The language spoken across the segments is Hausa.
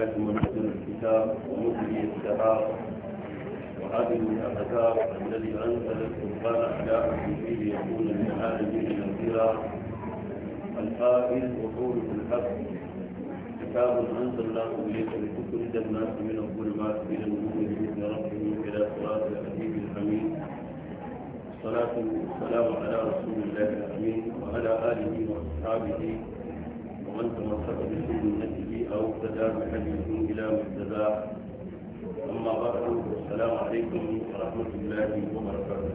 بالله ومحسن الكتاب ومبني السحاب وعدم الأحزاب الذي أنزل القرآن على أحبه ليكون للعالمين نذيرا الفائز وقول الحق كتاب أنزلناه إليك لتخرج الناس من الظلمات إلى النور بإذن ربهم إلى صراط الحبيب الحميد الصلاة والسلام على رسول الله الأمين وعلى آله وأصحابه ومن تمسك بسنته أو ابتدى بحديث إلى مبتدا أما بعد السلام عليكم ورحمة الله وبركاته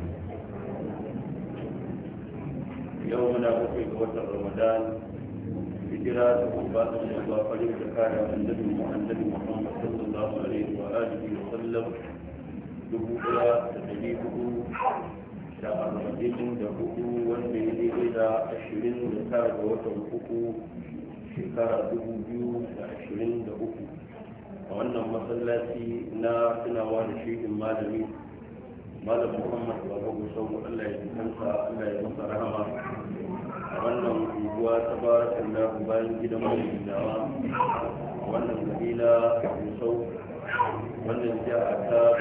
يومنا بقي قوة رمضان في دراسة وفاة الشباب فليتكاد النبي محمد صلى الله عليه وآله وسلم دبوكا تجريبه شهر رمضان دبوكو والمهدي إلى عشرين لساعة وتنفقه shekara 2023 a wannan masallaci na tunawa da shekin malami malam muhammad baba gusau allah ya kansa allah ya masa rahama a wannan unguwa ta barakan da bayan gidan mai dawa a wannan gari a gusau wannan jihar ta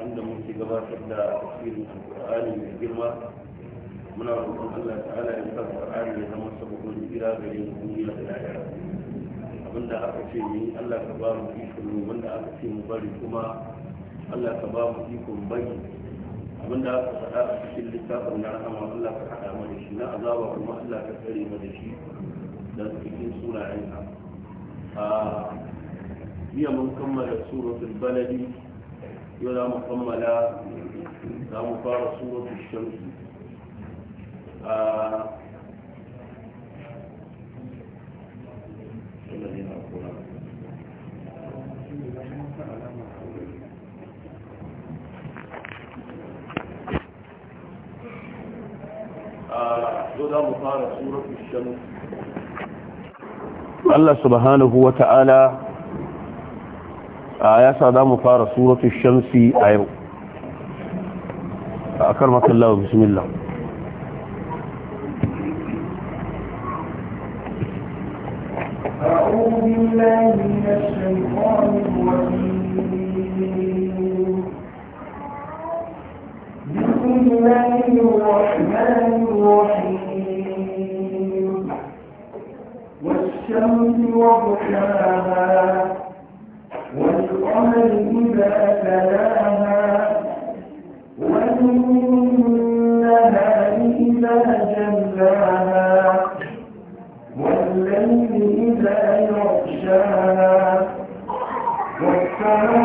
inda muke gabatar da tafsirin alkur'ani mai girma muna roƙon Allah ta'ala ya sa Qur'ani ya zama sabon jira gare mu duniya da lahira abinda aka ce ni Allah ka ba mu ikon wanda aka ce mu bari kuma Allah ka ba mu ikon bari abinda aka faɗa a cikin littafin na rahama Allah ka haɗa mu da shi na azaba kuma Allah ka tsare mu da shi da cikin sunayenka a jiya mun kammala suratul baladi yau za mu kammala za mu fara suratul shamsi Allah subhanahu wa ta'ala ya sa za mu fara suratun shamsi a yau a karmakan lawa bismillah بسم الله الرحمن الرحيم والشمس وضحاها والقمر إذا تلاها والنهار إذا جلاها والليل إذا Amen.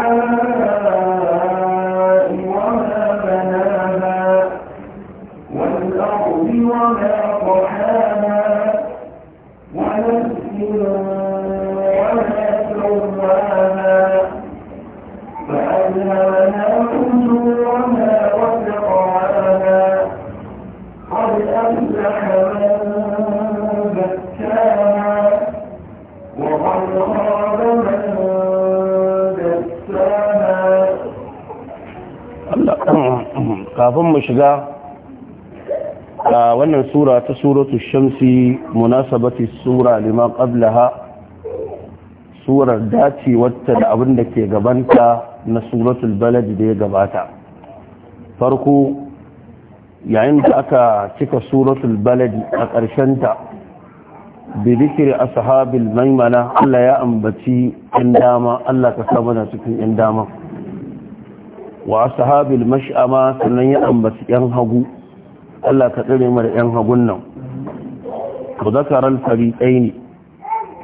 kafin mu shiga a wannan sura ta suratu shamsi munasabati sura lima qablaha surar dace wata da abin da ke gabanta na suratul balad da ya gabata farko yayin da aka cika suratul balad a ƙarshen ƙarshenta bi zikri ashabil maimana Allah ya ambaci in dama Allah ka sabana mana cikin in dama wa sahabil mash'ama sannan ya ambaci yan hagu Allah ka tsare mu da yan hagun nan ku zakaral fariqaini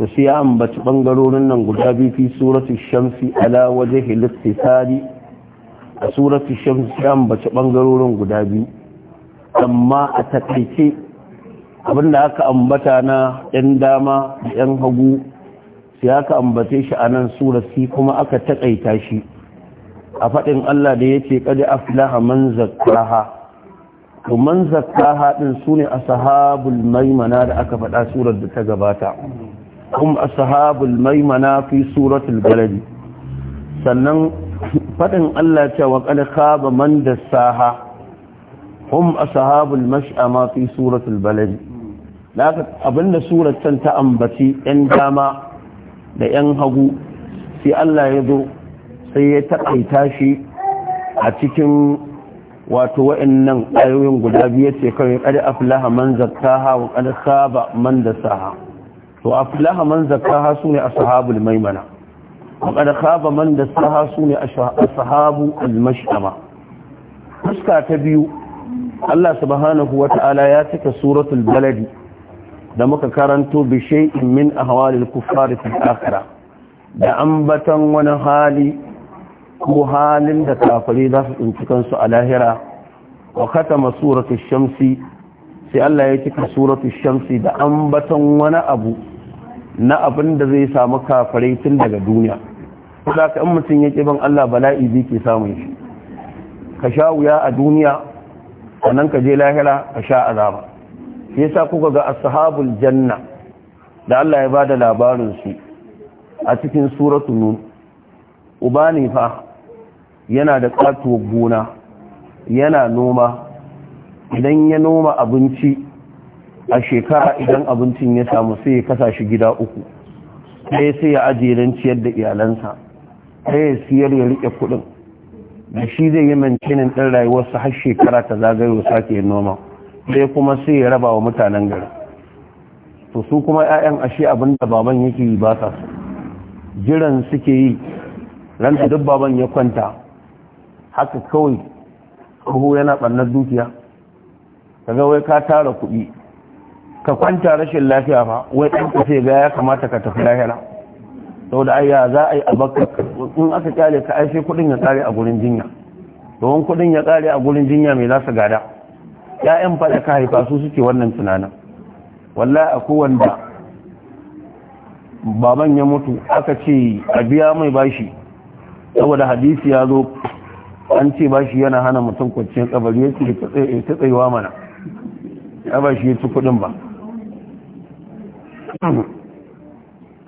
to sai ya ambaci bangarorin nan guda biyu fi surati shamsi ala wajhi al-ittisali a surati shamsi ya ambaci bangarorin guda biyu amma a takaice abinda aka ambata na yan dama da yan hagu sai aka ambace shi a nan surati kuma aka takaita shi a faɗin Allah da ya ce ƙaji aflaha man zakkaha to man zakkaha ɗin su ne ashabul maimana da aka faɗa surar da ta gabata kuma ashabul maimana fi suratul baladi sannan faɗin Allah cewa ƙaji khaba man dassaha hum ashabul mash'ama fi suratul baladi laka abinda surar can ta ambaci 'yan dama da 'yan hagu sai Allah ya zo sai ya taƙaita shi a cikin wato wa'annan ayoyin guda biyar ce kawai kada aflaha man zakkaha wa kada saba man saha. to aflaha man zakkaha sune ashabul maimana wa kada saba man dasaha sune ashabu al-mashama fuska ta biyu Allah subhanahu wa ta'ala ya cika suratul baladi da muka karanto bi shay'in min ahwalil kuffar fil akhirah da ambatan wani hali ko halin da kafare za su tsinci kansu a lahira wa katama suratul shamsi sai Allah ya cika suratul shamsi da ambaton wani abu na abin da zai samu kafare tun daga duniya kuma ka in mutum yake ban Allah bala'i bi ke samun shi ka sha wuya a duniya sannan ka je lahira ka sha azaba shi yasa kuka ga ashabul janna da Allah ya bada labarin su a cikin suratu nun ubani fa yana da katuwar gona yana noma idan ya noma abinci a shekara idan abincin ya samu sai ya kasa shi gida uku ɗaya sai ya ajiye don ciyar da iyalansa ɗaya siyar ya riƙe kuɗin da shi zai yi mancinin ɗin rayuwarsa har shekara ta zagayo sake noma ɗaya kuma sai ya raba wa mutanen gari to su kuma 'ya'yan ashe abin da baban yake yi ba sa su jiran suke yi ran da duk baban ya kwanta haka kawai ruhu yana ɓannar dukiya Ka ga wai ka tara kuɗi ka kwanta rashin lafiya fa wai ɗan ka ga ya kamata ka tafi lahira saboda ayya za a yi abakka in aka kyale ka aishe kuɗin ya tsare a gurin jinya domin kuɗin ya tsare a gurin jinya mai za su gada Ya'yan fada ka haifa su suke wannan tunanin wallahi a kowanda baban ya mutu aka ce a biya mai bashi saboda hadisi ya zo an ce ba shi yana hana mutum kwanciyar kabari ya ce ta tsayewa mana ya ba shi ya ci kudin ba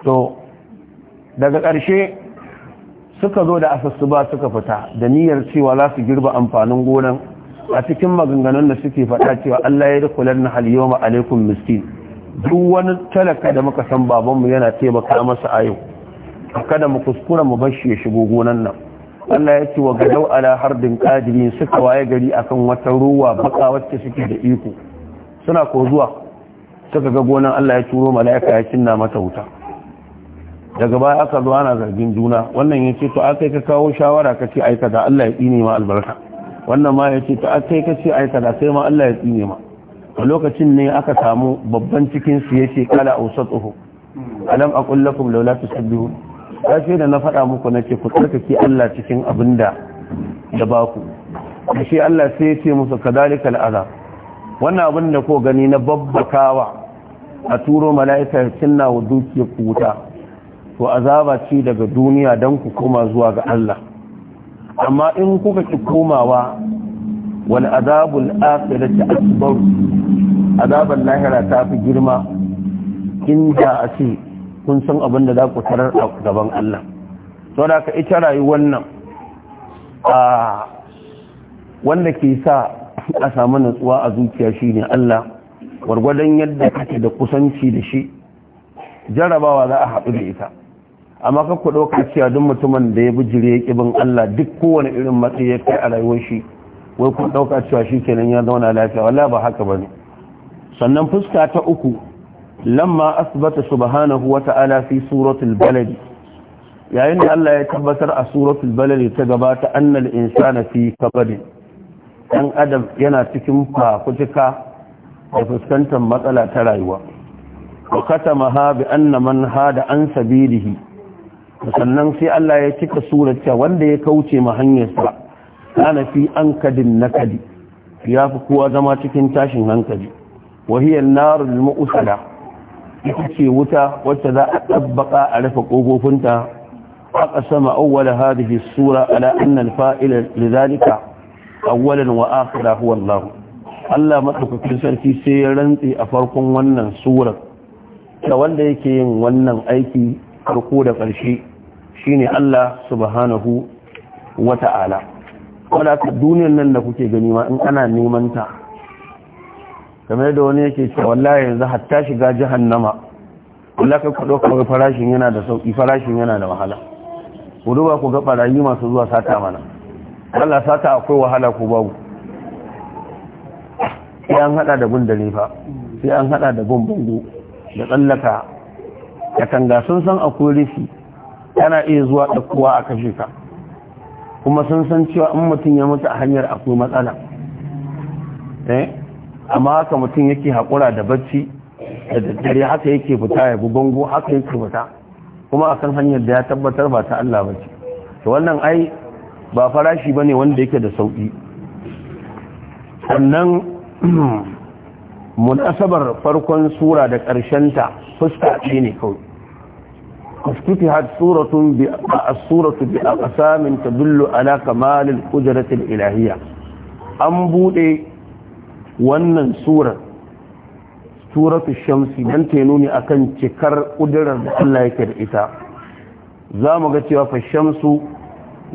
to daga ƙarshe suka zo da asassu ba suka fita da niyyar cewa za su girba amfanin gonan a cikin maganganun da suke fata cewa Allah ya rikular na haliyo alaikun miskin duk wani talaka da muka san babanmu yana taimaka masa a yau kada mu kuskura mu bar shi ya shigo gonan nan Allah ya ce wa gadau ala harbin qadiri suka waye gari akan wata ruwa baka wacce suke da iko suna ko zuwa suka ga gonan Allah ya turo mala'ika ya cinna mata wuta daga baya aka zo ana zargin juna wannan ya ce to akai ka kawo shawara ka ce aika da Allah ya tsine ma albarka wannan ma ya ce to akai ka ce aika da sai ma Allah ya tsine ma a lokacin ne aka samu babban cikin su yace kala ausatuhu alam aqul lakum laula tusabbihun kashe da na faɗa muku na ce ku tsarkake Allah cikin abin da da ba ku shi Allah sai ya ce musu kadhalika al'azab wannan abin da ko gani na babbakawa a turo mala'ika cinna wa dukiya ku wuta to azaba ce daga duniya don ku koma zuwa ga Allah amma in kuka ki komawa wal azabul akhirati akbar azabul lahira ta fi girma inda a ce kun san abin da za ku tarar a gaban Allah to da ka ita rayuwar nan a wanda ke sa a samu natsuwa a zuciya shi ne Allah gwargwadon yadda kake da kusanci da shi jarabawa za a haɗu da ita amma ka ku ɗauka duk mutumin da ya bijire ya ƙibin Allah duk kowane irin matsayi ya kai a rayuwar shi wai kun ɗauka cewa shi kenan ya zauna lafiya wala ba haka ba ne sannan fuska ta uku lamma asbata subhanahu wa ta'ala fi suratul balad yayin da Allah ya tabbatar a suratul balad ta gabata annal insana fi kabad dan adam yana cikin fafutuka da fuskantar matsala ta rayuwa wa katamaha bi anna man hada an sabilihi sannan sai Allah ya cika surata wanda ya kauce ma hanyarsa kana fi ankadin nakadi ya fi kowa zama cikin tashin hankali wahiyar narul mu'usala ita ce wuta wacce za a tabbaka a rufe kofofinta أقسم أول هذه السورة على أن الفائل لذلك أولا وآخرا هو الله Allah maɗaukakin sarki sai ya rantse a farkon wannan surar da wanda yake yin wannan aiki farko da ƙarshe shine Allah subhanahu wa ta'ala wadda duniyar nan da kuke gani ma in ana neman ta kamar da wani yake ce wallahi yanzu hatta shiga jahannama Allah kai kwado kawai farashin yana da sauki farashin yana da wahala ku duba ku ga barayi masu zuwa sata mana Allah sata akwai wahala ko babu sai an hada da gundare fa sai an hada da gumbango da tsallaka da kanga sun san akwai rufi yana iya zuwa da kowa a kashe ka kuma sun san cewa in mutum ya mutu a hanyar akwai matsala eh amma haka mutum yake haƙura da bacci da daddare haka yake fita ya bango haka yake fita kuma a kan hanyar da ya tabbatar ba ta Allah ba ce to wannan ai ba farashi bane wanda yake da sauki sannan munasabar farkon sura da ta fuska ce ne kawai ƙasa min ta dullu ala على كمال القدرة An buɗe. wannan surar suratu shamsi dan ta nuni akan cikar ƙudurar da Allah yake da ita za mu ga cewa fa shamsu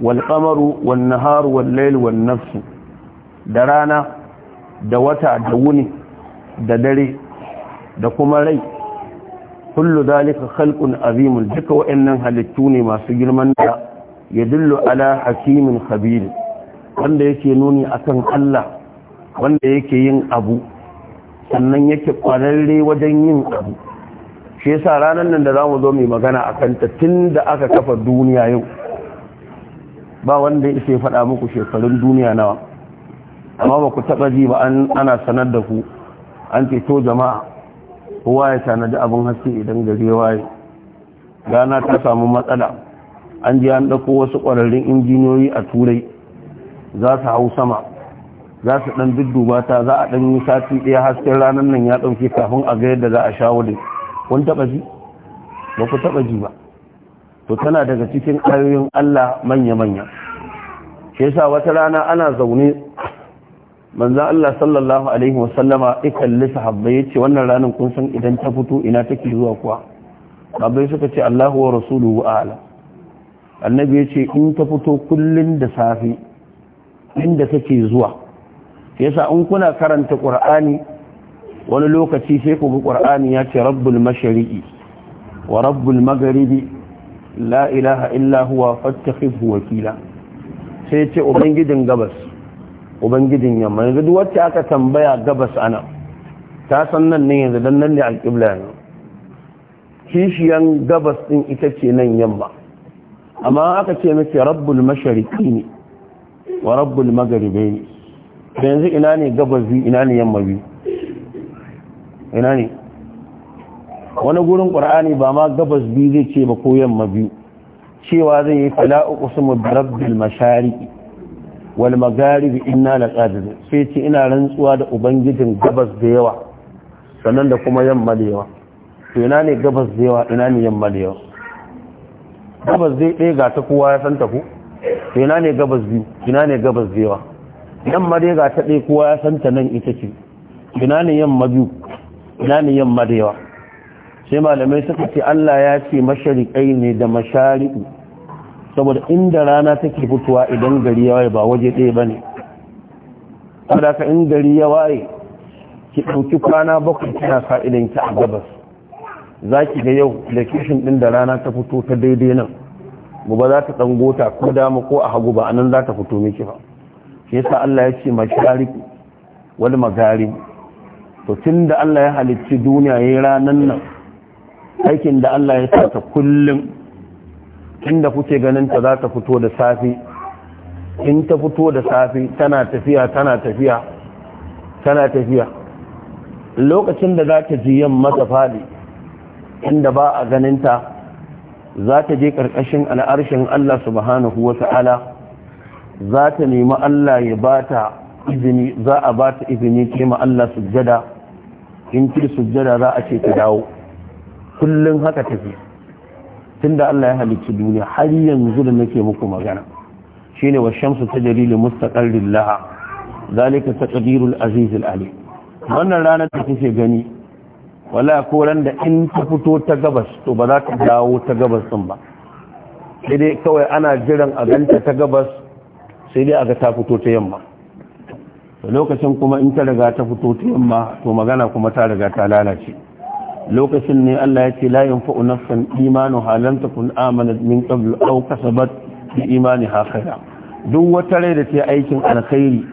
wal qamaru wan naharu wal wan nafsu da rana da wata da wuni da dare da kuma rai kullu zalika khalqun azim duka wa'annan halittu ne masu girman da yadullu ala hakimin khabir wanda yake nuni akan Allah wanda yake yin abu sannan yake kwararre wajen yin abu shi yasa ranar nan da za mu zo mai magana a kanta tun da aka kafa duniya yau ba wanda ya ce faɗa muku shekarun duniya nawa amma ba ku taɓa ji ba ana sanar da ku an ce to jama'a kowa ya tanadi abin haske idan gari waye Gana ta samu matsala an ji an ɗauko wasu ƙwararrun injiniyoyi a turai za su hau sama za su dan dudduba ta za a dan yi sati ɗaya hasken ranar nan ya ɗauke kafin a ga yadda za a shawo da kun taɓa ji ba ku taɓa ji ba to tana daga cikin ayoyin Allah manya-manya shi yasa wata rana ana zaune manzan Allah sallallahu alaihi wasallama ikalli sahabba ya ce wannan ranar kun san idan ta fito ina take zuwa kuwa sahabbai suka ce Allahu wa rasuluhu a'lam annabi yace in ta fito kullun da safi inda take zuwa yasa in kuna karanta qur'ani wani lokaci sai ku bi ƙur'ani ya ce rabbul mashariqi wa rabbul magharibi la ilaha illa huwa fattakhidhu wakila sai ce ubangijin gabas ubangijin yamma yanzu duk wacce aka tambaya gabas ana ta san nan ne yanzu dan nan ne alqibla ne kishiyan gabas din ita ce nan yamma amma aka ce miki rabbul mashariqi ne wa rabbul magharibi da yanzu ina ne gabas biyu ina ne yamma biyu ina ne wani gurin ƙwar'ani ba ma gabas biyu zai ce ba ko yamma biyu cewa zai yi fala uqsimu bi rabbil mashariqi wal magharibi inna laqadir sai ce ina rantsuwa da ubangijin gabas da yawa sannan da kuma yamma da yawa to ina ne gabas da yawa ina ne yamma da yawa gabas zai ɗaya ga ta kowa ya san ta ku to ina ne gabas biyu ina ne gabas da yawa yamma dai ga ta ɗai kowa ya santa nan ita ce ina ne yamma biyu ina ne yamma da yawa sai malamai suka ce Allah ya ce mashariƙai ne da mashari'u saboda inda rana take fitowa idan gari ya waye ba waje ɗaya ba ne saboda ka in gari ya waye ki ɗauki kwana bakwai kina sa idan ki a gabas za ki ga yau location ɗin da rana ta fito ta daidai nan gobe za ta ɗangota ko dama ko a hagu ba anan za ta fito miki ba shi yasa Allah ya ce masharik wal magharib to tunda Allah ya halicci duniya yayin ranan nan aikin da Allah ya sata kullum tunda kuke ganin ta za ta fito da safi in ta fito da safi tana tafiya tana tafiya tana tafiya lokacin da za ta ji yamma ta fadi inda ba a ganin ta za ta je ƙarƙashin al'arshin Allah subhanahu wa ta'ala za ta nemi Allah ya bata izini za a bata izini ke ma Allah sujjada in ki sujjada za a ce ta dawo kullum haka tafi tunda Allah ya halicci duniya har yanzu da nake muku magana shine wa shamsu ta li mustaqarrin laha zalika ta aziz al Ali. wannan ranar da kuke gani wala ko ran da in ta fito ta gabas to ba za ta dawo ta gabas din ba sai dai kawai ana jiran a ganta ta gabas sai dai aga ta fito ta yamma lokacin kuma in ta riga ta fito ta yamma to magana kuma ta riga ta lalace lokacin ne Allah ya ce la yanfa'u nafsan imanu halan takun amanat min qabl aw kasabat bi imani khayra duk wata rai da ta aikin alkhairi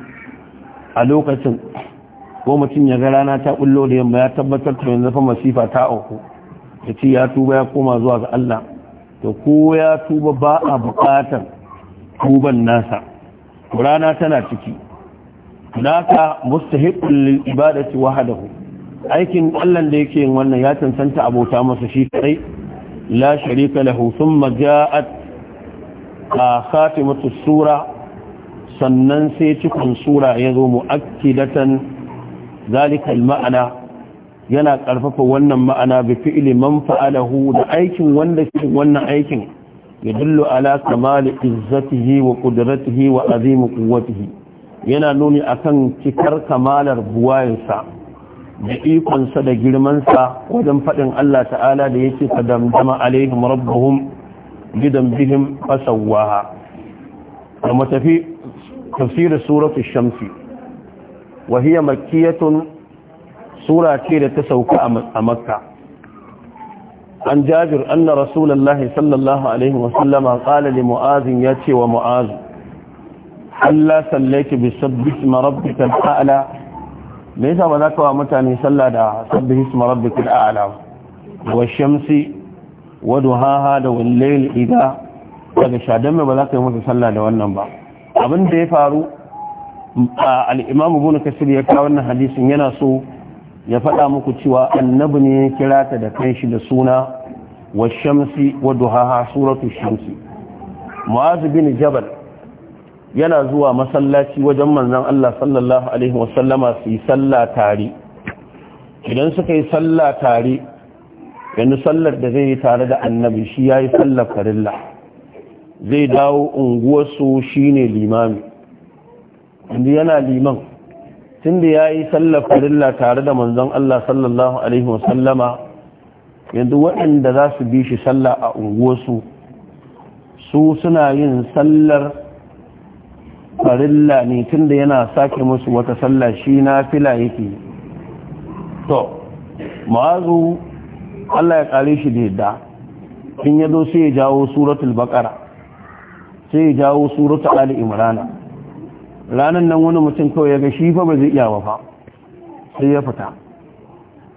a lokacin ko mutum ya ga rana ta bullo da yamma ya tabbatar to yanzu fa masifa ta auku ya ce ya tuba ya koma zuwa ga Allah to ko ya tuba ba a bukatar tuban nasa rana tana ciki naka mustahiqul lil ibadati wahdahu aikin Allah da yake yin wannan ya cancanta abota masa shi kai la sharika lahu thumma ja'at khatimatu sura sannan sai cikin sura yazo muakkidatan zalika al ma'ana yana karfafa wannan ma'ana bi fi'li man fa'alahu da aikin wanda ke wannan aikin يدل على كمال عزته وقدرته وعظيم قوته yana nuni akan cikar kamalar buwayensa da ikonsa da girmansa wajen faɗin Allah ta'ala da yake kadamdama alaihim rabbuhum gidan bihim fasawwaha da matafi tafsir suratul shamsi wa hiya makkiyatun sura ce da ta sauka a makka عن جابر أن رسول الله صلى الله عليه وسلم قال لمؤاذ ياتي ومؤاذ ألا سليك بسب اسم ربك الأعلى ليس وذاك ومتاني سلى دعا سبه اسم ربك الأعلى والشمس ودهاها دو الليل إذا daga shadame ba za ka yi masa sallah da wannan ba abin da ya faru al'imamu bunu kasir ya kawo wannan hadisin yana so ya faɗa muku cewa annabi ne ya kira ta da kanshi da suna wa shamsi wa duhaha suratu shamsi mu'azu bin jabal yana zuwa masallaci wajen manzon Allah sallallahu alaihi wa sallama su yi sallah tare idan suka yi sallah tare yanzu sallar da zai yi tare da annabi shi yayi sallar farilla zai dawo unguwarsu shine limami inda yana liman tun da ya yi sallar farilla tare da manzon Allah sallallahu alaihi wasallama yanzu waɗanda za su bi shi sallah a unguwarsu su suna yin sallar farilla ne tun da yana sake musu wata sallah shi na fila yake to ma'azu Allah ya ƙare shi da yadda in ya zo sai ya jawo suratul bakara, sai ya jawo suratul ali imrana ranar nan wani mutum kawai ya ga shi fa ba zai iya ba fa sai ya fita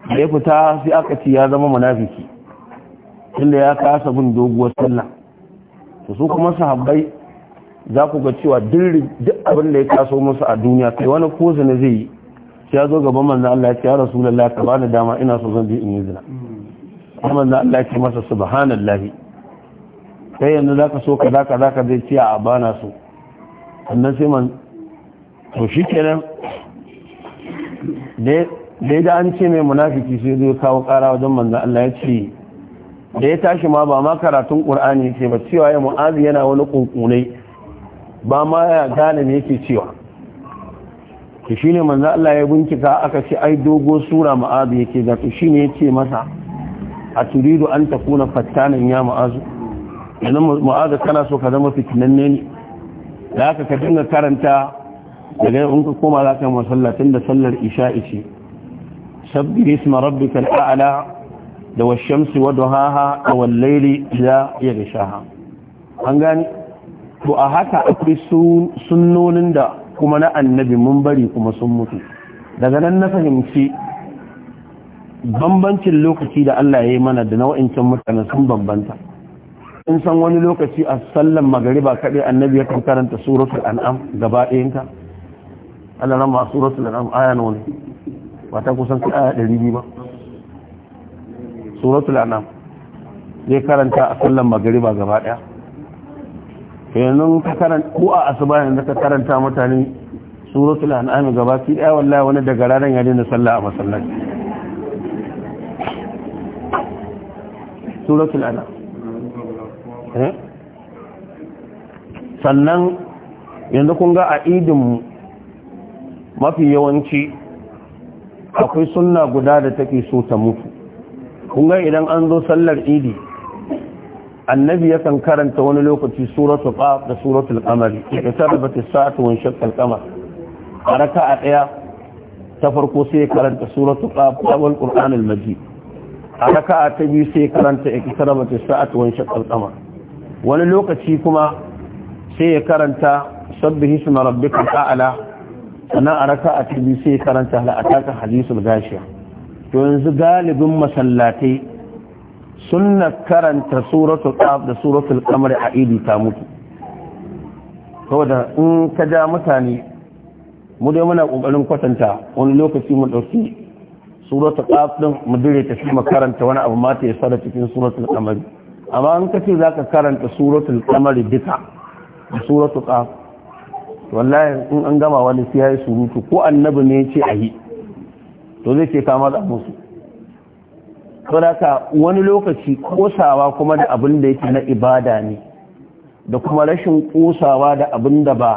da ya fita sai aka ci ya zama munafiki inda ya kasa bin doguwar sallah to su kuma sahabbai za ku ga cewa duk abin da ya kaso musu a duniya kai wani ko ne zai yi sai ya zo gaban manzo Allah ya ce ya rasulullahi ka bani dama ina so zan bi in yi zina sai manzo Allah ya ce masa subhanallahi sai yanzu zaka so ka zaka ka zai ce a bana so sannan sai man to shi kenan da an ce mai munafiki sai zai kawo kara wajen manzan Allah ya ce da ya tashi ma ba ma karatun ƙur'ani ce ba cewa ya mu'azi yana wani ƙunƙunai ba ma ya gane me yake cewa ki shi ne manzan Allah ya bincika aka ce ai dogo sura mu'azi yake ga shi ne ya ce masa a turidu an ta kuna fattanin ya mu'azu yanzu mu'azu kana so ka zama fitinanne ne da aka ka dinga karanta daga in ka koma za ka yi masallatin da sallar isha ce sabbi isma rabbika al'ala da washamsi wa duhaha da wallaili ya yagshaha an gani to a haka akwai sunnonin da kuma na annabi mun bari kuma sun mutu daga nan na fahimci bambancin lokaci da Allah ya yi mana da wa'incan mutane sun bambanta in san wani lokaci a sallan magariba kaɗai annabi ya kan karanta suratul an'am gaba ɗayanta Allah rama suratul an'am aya nuna ba ta kusan su aya biyu ba suratul an'am zai karanta a sallan magariba gaba daya yanzu ka karanta ko a asuba yanzu ka karanta mutane suratul an'am gaba su daya wallahi wani daga ranar yadda na sallah a masallaci suratul an'am eh? sannan yanzu kun ga a idin mafi yawanci akwai sunna guda da take so ta mutu kunga idan an zo sallar idi annabi yakan karanta wani lokaci suratu qaf da suratul qamar ikhtarabat as-sa'atu wa shaqqa al-qamar a raka'a daya ta farko sai ya karanta suratu qaf wal qur'an al-majid a raka'a ta biyu sai ya karanta ya ikhtarabat as-sa'atu wa shaqqa al-qamar wani lokaci kuma sai ya karanta sabbihi isma rabbikal a'la sannan a raka a tibi sai karanta taka hadisul gashiya to yanzu galibin masallatai sunna karanta suratul qaf da suratul qamar a idi ta mutu saboda in ka ja mutane mu dai muna kokarin kwatanta wani lokaci mu dauki suratul qaf din mu dire ta kuma karanta wani abu mata ya da cikin suratul qamar amma in ka ce zaka karanta suratul qamar duka da suratul qaf wallahi in an gama wani sai yayi surutu ko annabi ne ya ce a yi to zai ce ka matsa musu saboda wani lokaci kosawa kuma da abin da yake na ibada ne da kuma rashin kosawa da abin da ba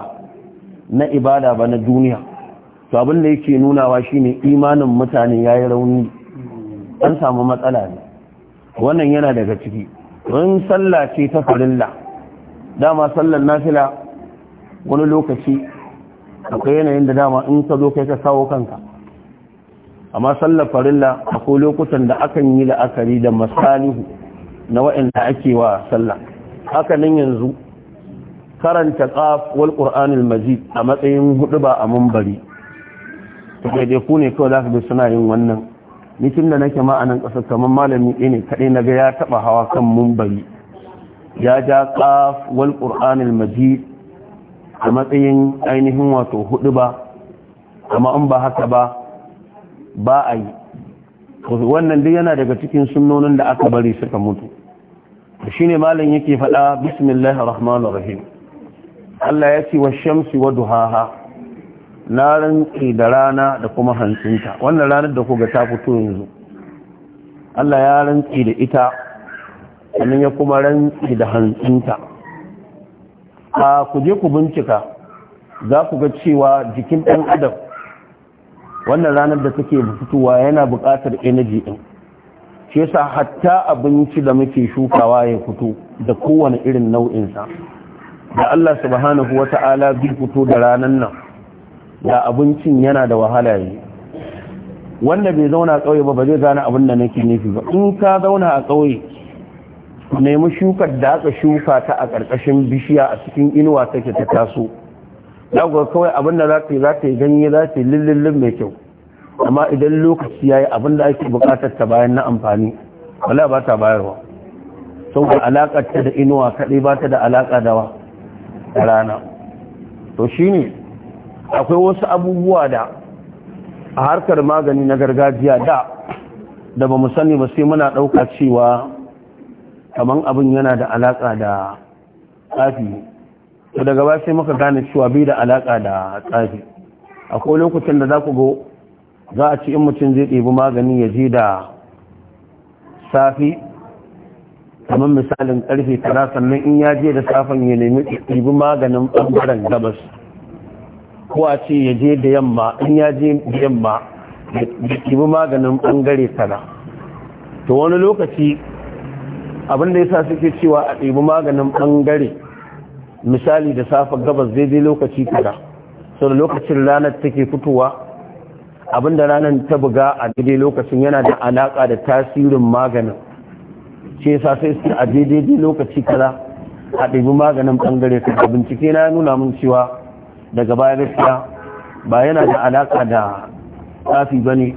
na ibada ba na duniya to abin da yake nunawa shine imanin mutane yayi rauni an samu matsala ne wannan yana daga ciki in sallah ce ta farilla dama sallar nafila wani lokaci akwai yanayin da dama in ka zo kai ka kawo kanka amma sallar farilla akwai lokutan da akan yi la'akari da masalihu na wa'inda ake wa sallah haka nan yanzu karanta qaf wal al majid a matsayin hudu ba a mambari to kai dai ku ne kawai za ka suna yin wannan ni tun da nake ma'anan ƙasar kamar malami ɗaya ne kaɗai na ga ya taɓa hawa kan mumbari ya ja ƙaf wal ƙur'anil majid a matsayin ainihin wato hudu ba amma an ba haka ba ba a yi wannan duk yana daga cikin sunnonin da aka bari suka mutu shi ne malin yake faɗa bismillah rahman rahim Allah ya ce wa shamsi wa duhaha na rantsi da rana da kuma hantsinta wannan ranar da kuga ta fito yanzu Allah ya rantsi da ita sannan ya kuma rantsi da hantsinta a ku je ku bincika za ku ga cewa jikin ɗan adam wannan ranar da take fitowa yana buƙatar energy ɗin shi yasa hatta abinci da muke shukawa ya fito da kowane irin nau'insa da Allah subhanahu wata'ala bi fito da ranar nan da abincin yana da wahala yi wanda bai zauna ƙauye ba ba zai gane abin da nake nufi ba in ka zauna a ƙauye nemi shukar da aka shuka ta a ƙarƙashin bishiya a cikin inuwa take ta taso daga kawai abinda da za ta yi za ta yi ganye za ta yi lillillin mai kyau amma idan lokaci ya yi abin ake buƙatar ta bayan na amfani wala ba ta bayarwa da alaƙar ta da inuwa kaɗai ba ta da alaƙa da rana to shine akwai wasu abubuwa da a harkar magani na gargajiya da da ba mu sani ba sai muna ɗauka cewa kaman abin yana da alaƙa da tsafi to daga ba sai muka gane cewa bai da alaƙa da tsafi akwai lokacin da za ku go za a ci in mutum zai ɗebi magani ya je da safi kamar misalin ƙarfe tara sannan in ya je da safan ya nemi ɗibi maganin ɓangaren gabas ko a ce ya je da yamma in ya je da yamma ya ɗibi maganin ɓangare tara to wani lokaci abin da yasa suke cewa a ɗibi maganin ɓangare misali da safa gabas daidai lokaci kada sau da lokacin ranar take fitowa abin da ranar ta buga a daidai lokacin yana da alaƙa da tasirin maganin ce yasa sai su a daidai lokaci kada a ɗibi maganin ɓangare kada bincike na nuna mun cewa daga baya gaskiya ba yana da alaƙa da tsafi ba ne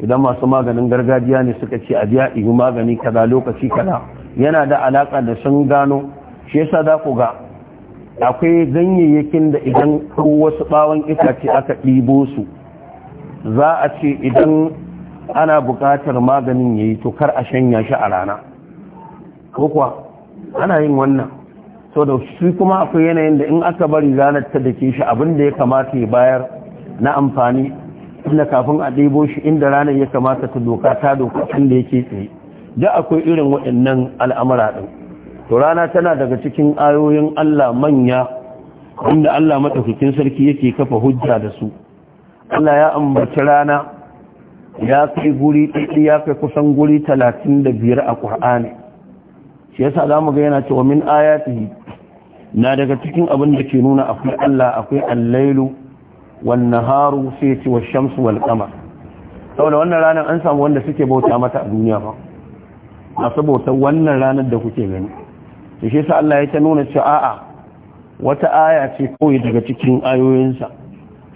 idan masu maganin gargajiya ne suka ce a biya ɗibi magani kada lokaci kada yana da alaƙa da sun gano shi yasa za ku ga akwai ganyayyakin da idan wasu ɓawon itace aka ɗibo su za a ce idan ana buƙatar maganin ya yi kar a shanya shi a rana ko kuwa ana yin wannan so da shi kuma akwai yanayin da in aka bari ranar ta dake shi abin da ya kamata ya bayar na amfani inda kafin a ɗibo shi inda ranar ya kamata ta doka ta doka da yake tsaye da akwai irin waɗannan al'amura ɗin to rana tana daga cikin ayoyin Allah manya inda Allah maɗaukakin sarki yake kafa hujja da su Allah ya ambaci rana ya kai guri ɗiɗi ya kai kusan guri talatin da biyar a ƙur'ani shi yasa za mu ga yana cewa min ayatihi na daga cikin abin da ke nuna akwai Allah akwai allailu wan naharu sai ce wa shamsu wal qamar saboda wannan ranar an samu wanda suke bauta mata a duniya ba a saboda wannan ranar da kuke gani da shi sa Allah ya ta nuna cewa a'a wata aya ce kawai daga cikin ayoyinsa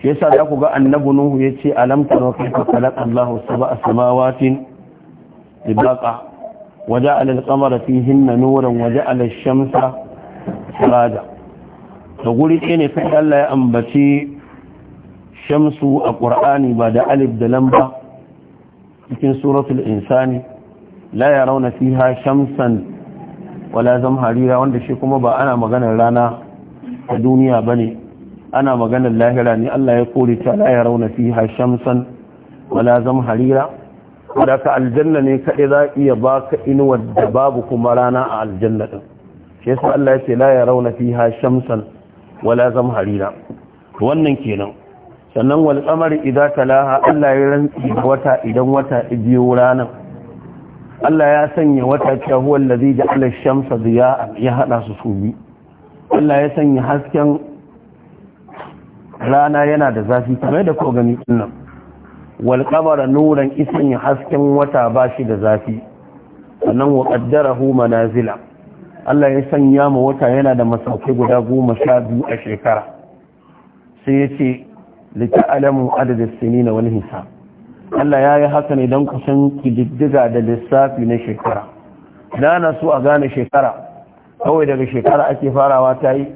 shi sa da ku ga annabi nuhu ya ce alam tara kayfa khalaqa Allahu sab'a samawati ibaqa ja'ala al-qamara fihinna nuran ja'ala ash-shamsa Siraja. da guri ce ne sai Allah ya ambaci shamsu a Qur'ani ba da alif da lamba cikin suratul insani la ya rauna fiha shamsan wala harira wanda shi kuma ba ana maganar rana ta duniya bane ana maganar lahira ne Allah ya kore ta la ya rauna shamsan wala harira wanda ka aljanna ne kaɗai za iya baka inuwar da babu kuma rana a aljanna din shi yasa Allah ya ce la ya rauna fiha shamsan wala zamharira wannan kenan sannan wal kamar idan talaha Allah ya rantsi wata idan wata ibiyo ranar Allah ya sanya wata cewa huwa allazi da ash-shamsa ya hada su su Allah ya sanya hasken rana yana da zafi kamar da ko gani nan Walƙabara nuran isan ya hasken wata ba shi da zafi sannan wa na manazila Allah ya sanya ma wata yana da masauke guda goma sha biyu a shekara sai ya ce li ta'lamu adad Sini sinina wani hisab Allah ya yi haka ne don kusan kididdiga da lissafi na shekara da na so a gane shekara kawai daga shekara ake farawa ta yi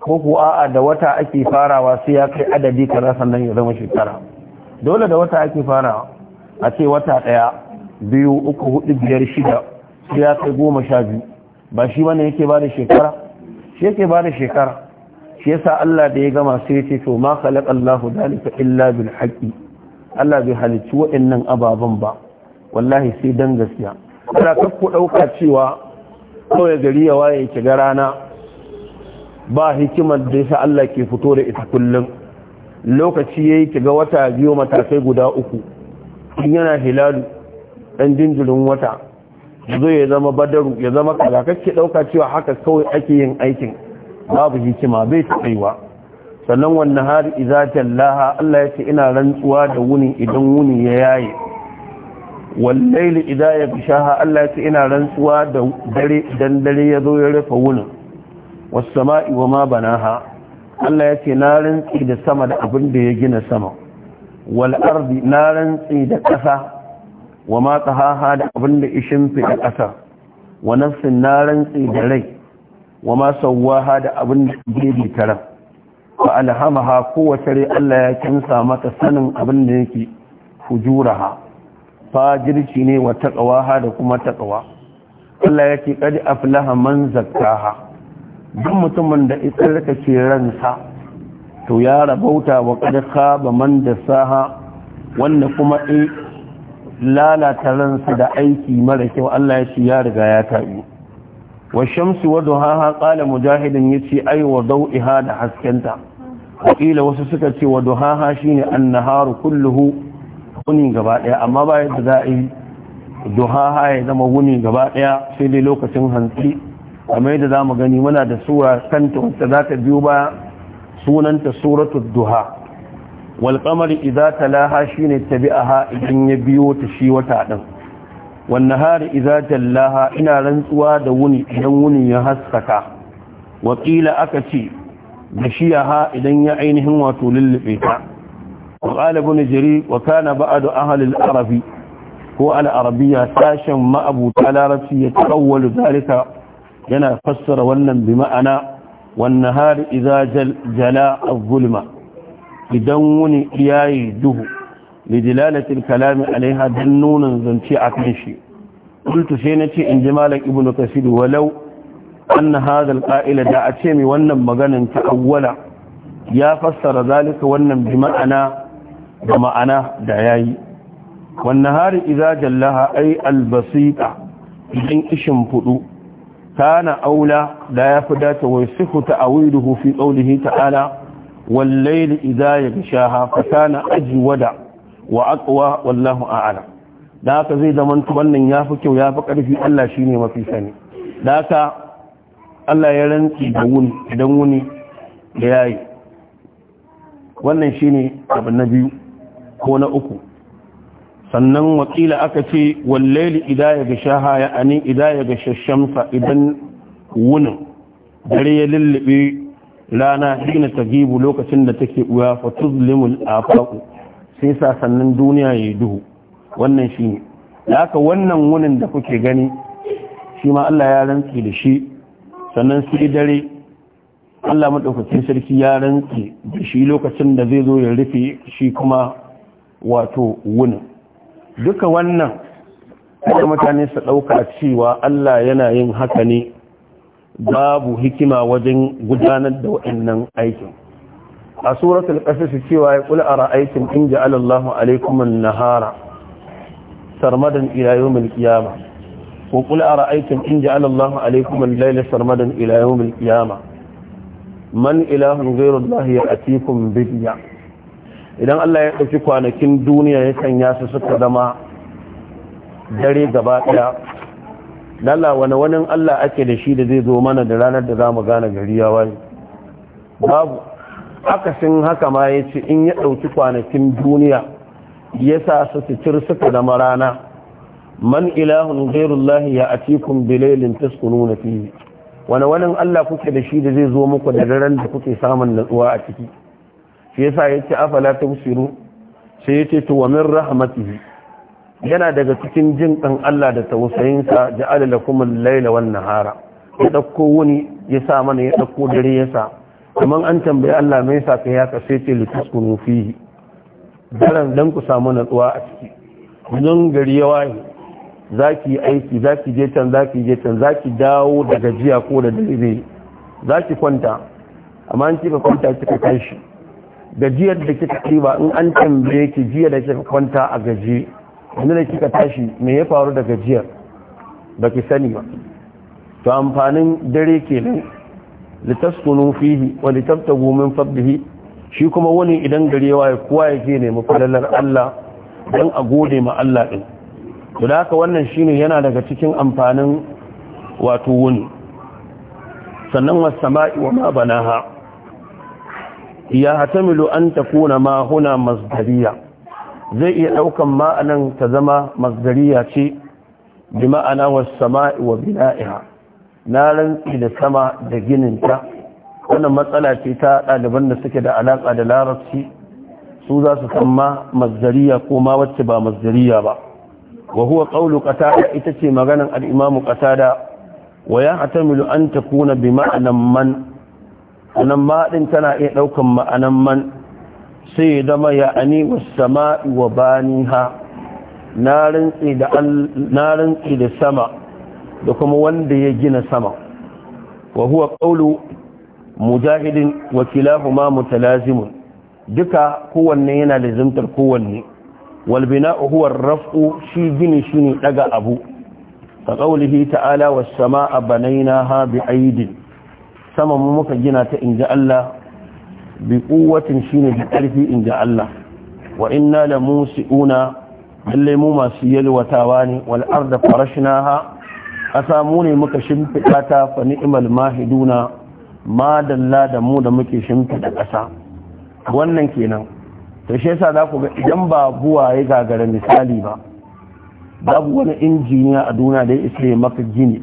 ko ku a'a da wata ake farawa sai ya kai adadi rasa sannan ya zama shekara dole da wata ake farawa a ce wata ɗaya biyu uku hudu biyar shida sai ya kai goma sha biyu ba shi wani yake ba da shekara shi yake ba da shekara shi yasa Allah da ya gama sai ya ce to ma khalaqa Allahu dalika illa bil haqqi Allah bai halicci waɗannan ababen ba wallahi sai dan gaskiya ana ku ɗauka cewa kawai gari ya waye ki ga rana ba hikimar da yasa Allah ke fito da ita kullum lokaci yayi ki ga wata biyu matakai guda uku in yana hilalu dan jinjirin wata zo ya zama badaru ya zama kaza kake ɗauka cewa haka kawai ake yin aikin babu hikima bai tsayuwa sannan wanne hari iza jallaha Allah ya ce ina rantsuwa da wuni idan wuni ya yaye wallaili idza shaha Allah ya ce ina rantsuwa da dare idan dare ya zo ya rufe wunin was sama'i wama banaha Allah ya ce na rantsi da sama da abin da ya gina sama wal ardi na rantsi da ƙasa wama tahaha da abin da ishin da ƙasa wa nafsin na rantsi da rai wama sawwaha da abin da ya bi fa alhamaha kowace rai Allah ya kinsa mata sanin abin da yake hujuraha fajirci ne wa taqwaha da kuma taqwa Allah yake qad aflaha man zakkaha duk mutumin da isarka ce ransa to ya rabauta wa qad khaba man dasaha wanda kuma lalata ransa da aiki mara kyau Allah ya ce ya riga ya tabi wa shamsu wa duhaha qala mujahidin yace ai wa dawiha da haskenta wakila wasu suka ce wa duhaha shine annaharu kulluhu wuni gaba daya amma ba yadda za a yi duhaha ya zama wuni gaba daya sai dai lokacin hantsi kamar yadda za mu gani muna da sura kanta wacce za ta biyo ba sunanta suratul duha wal qamari idza talaha shine tabi'aha idan ya biyo ta shi wata din wanne hari iza jallaha ina rantsuwa da wuni idan wuni ya haskaka wakila aka ce da shiyaha idan ya ainihin wato lulluɓe ta wa ƙalibu ni jiri wa kana ba'adu ahalil arabi ko al'arabiya sashen ma'abuta larabci ya tsawwal zalika yana fassara wannan bi ma'ana wanne hari iza jala a zulma idan wuni iyaye duhu lidilalatin kalami alaiha don nunan zance a kan shi kultu sai na ce in ji malam ibnu kasir walau an hadha da a ce mai wannan maganan ta awwala ya fassara zalika wannan bi ma'ana da ma'ana da yayi wannan hari iza jallaha ay albasita idan ishin fudu kana aula da ya fi dace wai sifu ta'awiluhu fi qawlihi ta'ala wal iza ya yaghshaha fa kana ajwada wa aqwa wallahu a'lam da haka zai zama wannan yafi kyau yafi karfi Allah shine mafi sani da haka Allah ya rantsi da wuni idan wuni da yayi wannan shine abu na biyu ko na uku sannan wakila aka ce wallahi idan ya gasha haya ani idan ya gasha shashamsa idan wunin dare ya lullube rana hina tagibu lokacin da take uya fa tuzlimul afaq sai sa duniya ya yi duhu wannan shi ne da haka wannan wunin da kuke gani shi ma Allah ya rantsi da shi sannan sai dare Allah maɗaukacin sarki ya rantsi da shi lokacin da zai zo ya rufe shi kuma wato wunin duka wannan da mutane su ɗauka cewa Allah yana yin haka ne babu hikima wajen gudanar da waɗannan aikin a suratul qasas cewa ya kula a ra'aikin inji Allahu alaykum an-nahara sarmadan ila Mulkiyama al-qiyamah a ra'aikin inji in ja'ala Allahu alaykum al-layla sarmadan ila yawm man ilahun ghayru Allah ya'tikum bidya idan Allah ya dauki kwanakin duniya ya sanya su suka zama dare gaba daya lalla wani wani Allah ake da shi da zai zo mana da ranar da za mu gane gari ya waye babu akasin haka ma ya ce in ya ɗauki kwanakin duniya ya sa su titir suka da marana man ilahun zairullahi ya atikun bilailin taskunu na fi wani wani Allah kuke da shi da zai zo muku da daren da kuke samun natsuwa a ciki shi yasa ya ce afala ta musiru sai ya ce tuwamin yana daga cikin jin ɗan Allah da tausayinsa ja'ala lakum al-laila wan hara. ya dauko wuni ya sa mana ya dauko dare ya sa kuma an tambayi Allah mai sa kai haka sai ce litaskunu fihi daren dan ku samu natsuwa a ciki idan gari ya waye zaki aiki zaki je can zaki je can zaki dawo da gajiya ko da dare zaki kwanta amma an kika kwanta kika tashi gajiyar da kika ba in an tambaye ki jiya da kika kwanta a gaji wanda da kika tashi me ya faru da gajiyar ba ki sani ba to amfanin dare kenan litaskunu fihi wa litabtagu min fadlihi shi kuma wani idan gare waye kowa yake nemi falalar Allah don a gode ma Allah din to da haka wannan shine yana daga cikin amfanin wato wuni sannan was sama'i wa ma banaha ya hatamilu an takuna ma huna masdariya zai iya daukan ma'anan ta zama masdariya ce bi ma'ana was sama'i wa bina'iha na rantsi da sama da gininta wannan matsala ce ta ɗaliban da suke da alaƙa da larabci su za su san ma mazdariya ko ma wacce ba mazdariya ba wa huwa qawlu qatada ita ce maganan al-imam qatada wa ya atamilu an takuna bi ma'anan man nan ma din tana iya daukan ma'anan man sai da ma ya'ani was sama'i wa baniha na rantsi da na rantsi da sama da kuma wanda ya gina sama wa huwa qawlu mujahidin wa kilahuma mutalazimun duka kowanne yana lazimtar kowanne wal bina'u huwa ar-raf'u shi gini shine daga abu ka qawlihi ta'ala was samaa banaynaha bi'aidin sama mu muka gina ta inda Allah bi kuwatin shine bi ƙarfi inji Allah wa inna la musiuna lalle mu masu yalwatawa ne wal arda farashnaha ƙasa mu ne muka shimfiɗa ta fa ni'mal mahiduna ma dalla da mu da muke shimfiɗa ƙasa wannan kenan to shi yasa za ku ga idan ba buwa ya gagara misali ba babu wani injiniya a duniya da ya isa maka gini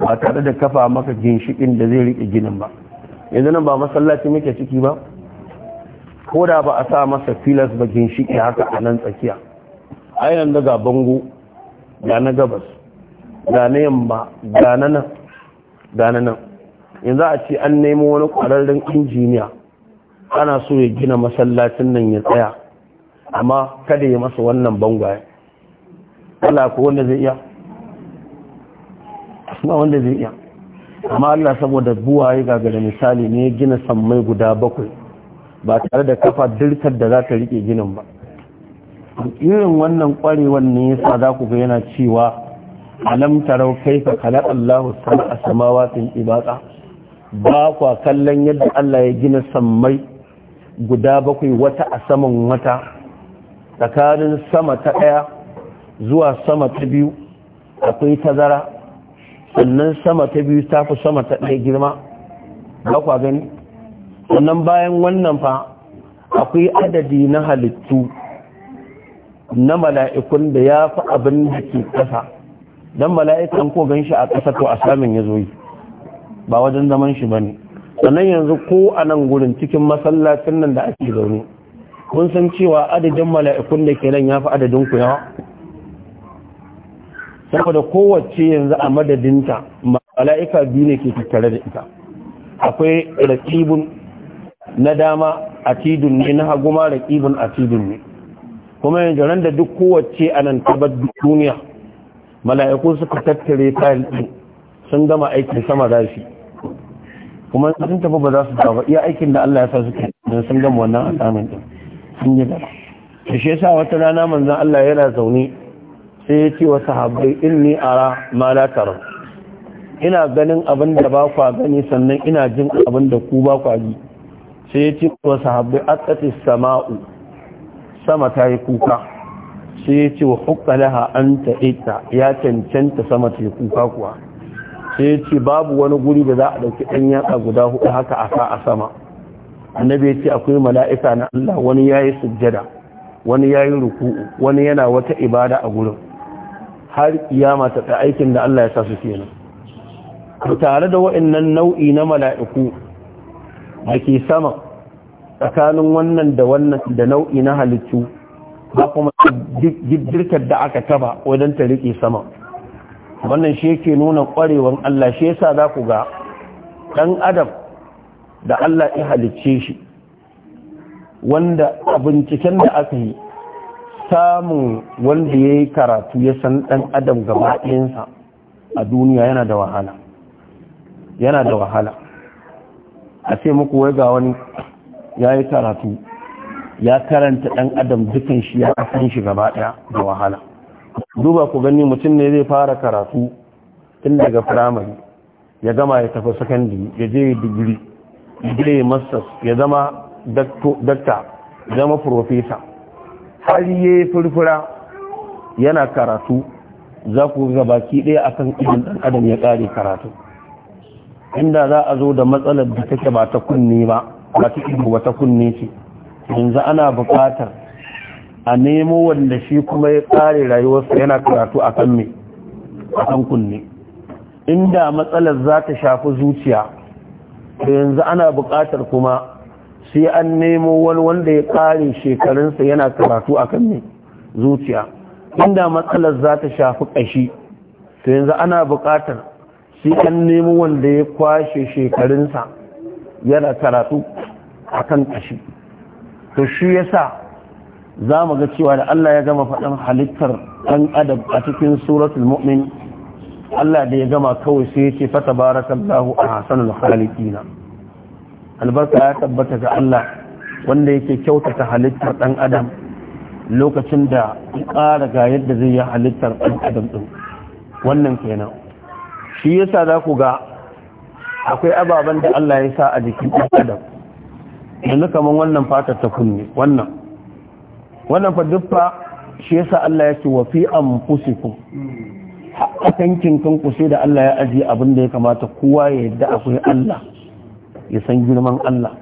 ba tare da kafa maka ginshikin da zai riƙe ginin ba yanzu nan ba masallaci muke ciki ba ko da ba a sa masa filas ba ginshiki haka a nan tsakiya ainihin daga bango ya na gabas gane na yamma gane nan ga na nan yanzu a ce an nemo wani kwararren injiniya ana so ya gina masallacin nan ya tsaya amma kada ya masa wannan bangwaye Allah ko wanda zai iya wanda zai iya amma Allah saboda buwaye ga da misali ne ya gina sammai guda bakwai ba tare da kafa dirkar da za ta rike ginin ba irin wannan kwarewan ne ya sa za ku ga yana cewa alam tarau kaifa khalaqa Allahu sama samawati ibaqa ba kwa kallon yadda Allah ya gina sammai guda bakwai wata a saman wata tsakanin sama ta daya zuwa sama ta biyu akwai tazara sannan sama ta biyu ta fi sama ta daya girma ba kwa gani sannan bayan wannan fa akwai adadi na halittu na mala'ikun da ya fi abin da ke ƙasa dan mala'ikan ko gan a ƙasa to asamin samin ya zo yi ba wajen zaman shi ba ne sannan yanzu ko a nan gurin cikin masallacin nan da ake zaune kun san cewa adadin mala'ikun da ke nan ya fi adadin ku yawa saboda kowace yanzu a madadinta mala'ika biyu ne ke tattare da ita akwai ratibun na dama a tidun ne na haguma ratibun a tidun ne kuma yanzu ran da duk kowace a nan tabar duniya mala'iku suka tattare fayil ɗin sun gama aikin sama za shi kuma sun tafi ba za su dawo iya aikin da Allah ya sa suke don sun gama wannan asamin ɗin sun yi da shi sa wata rana manzon Allah yana zaune sai ya ce wa sahabbai inni ara ma la ina ganin abin da ba kwa gani sannan ina jin abin da ku ba kwa ji sai ya ce wa sahabbai atatis sama'u sama ta yi kuka sai ya ce wa hukkalaha an ta'ita ya cancanta sama teku kuwa sai ya ce babu wani guri da za a ɗauki ɗan yatsa guda hudu haka a sa a sama annabi ya ce akwai mala'ika na Allah wani ya yi sujjada wani ya yi ruku'u wani yana wata ibada a gurin har mata ta aikin da Allah ya sa su kenan tare da wa'annan nau'i na mala'iku da ke sama tsakanin wannan da wannan da nau'i na halittu ba kuma girkar da aka taba wajen ta riƙe sama wannan shi yake nuna ƙwarewan Allah shi yasa za ku ga ɗan adam da Allah ya halicce shi wanda a binciken da aka yi samun wanda ya yi karatu ya san ɗan adam gaba ɗayansa a duniya yana da wahala yana da wahala a ce muku wai ga wani ya yi karatu ya karanta ɗan adam dukan shi ya san shi gaba ɗaya da wahala duba ku gani mutum ne zai fara karatu tun daga firamare ya gama ya tafi sakandiri ya je digiri ya je masters ya zama dakta ya zama profesa har ya furfura yana karatu za ku ga baki ɗaya akan ɗin ɗan adam ya ƙare karatu inda za a zo da matsalar da take ba ta kunne ba ba ta ƙi ba ta kunne ce yanzu ana buƙatar a nemo wanda shi kuma ya tsare rayuwarsa yana karatu a kan me a kan kunne inda matsalar za ta shafi zuciya Da yanzu ana buƙatar kuma sai an nemo wani wanda ya ƙare shekarunsa yana karatu a kan me zuciya inda matsalar za ta shafi ƙashi Da yanzu ana buƙatar sai an nemo wanda ya kwashe shekarunsa yana karatu a kan ƙashi to shi ya sa za mu ga cewa da Allah ya gama faɗin halittar ɗan adam a cikin suratul mu'min Allah da ya gama kawai sai ya ce fata a tabarakallahu ahsanul khaliqina albarka ya tabbata ga Allah wanda yake kyautata halittar ɗan adam lokacin da ƙara ga yadda zai yi halittar ɗan adam ɗin wannan kenan shi yasa za ku ga akwai ababen da Allah ya sa a jikin ɗan adam yanzu kaman wannan fatar ta kunne wannan wannan fa duffa shi yasa Allah ya ce wa fi anfusikum a kankin kanku sai da Allah ya ajiye abin da ya kamata kowa ya yadda akwai Allah ya san girman Allah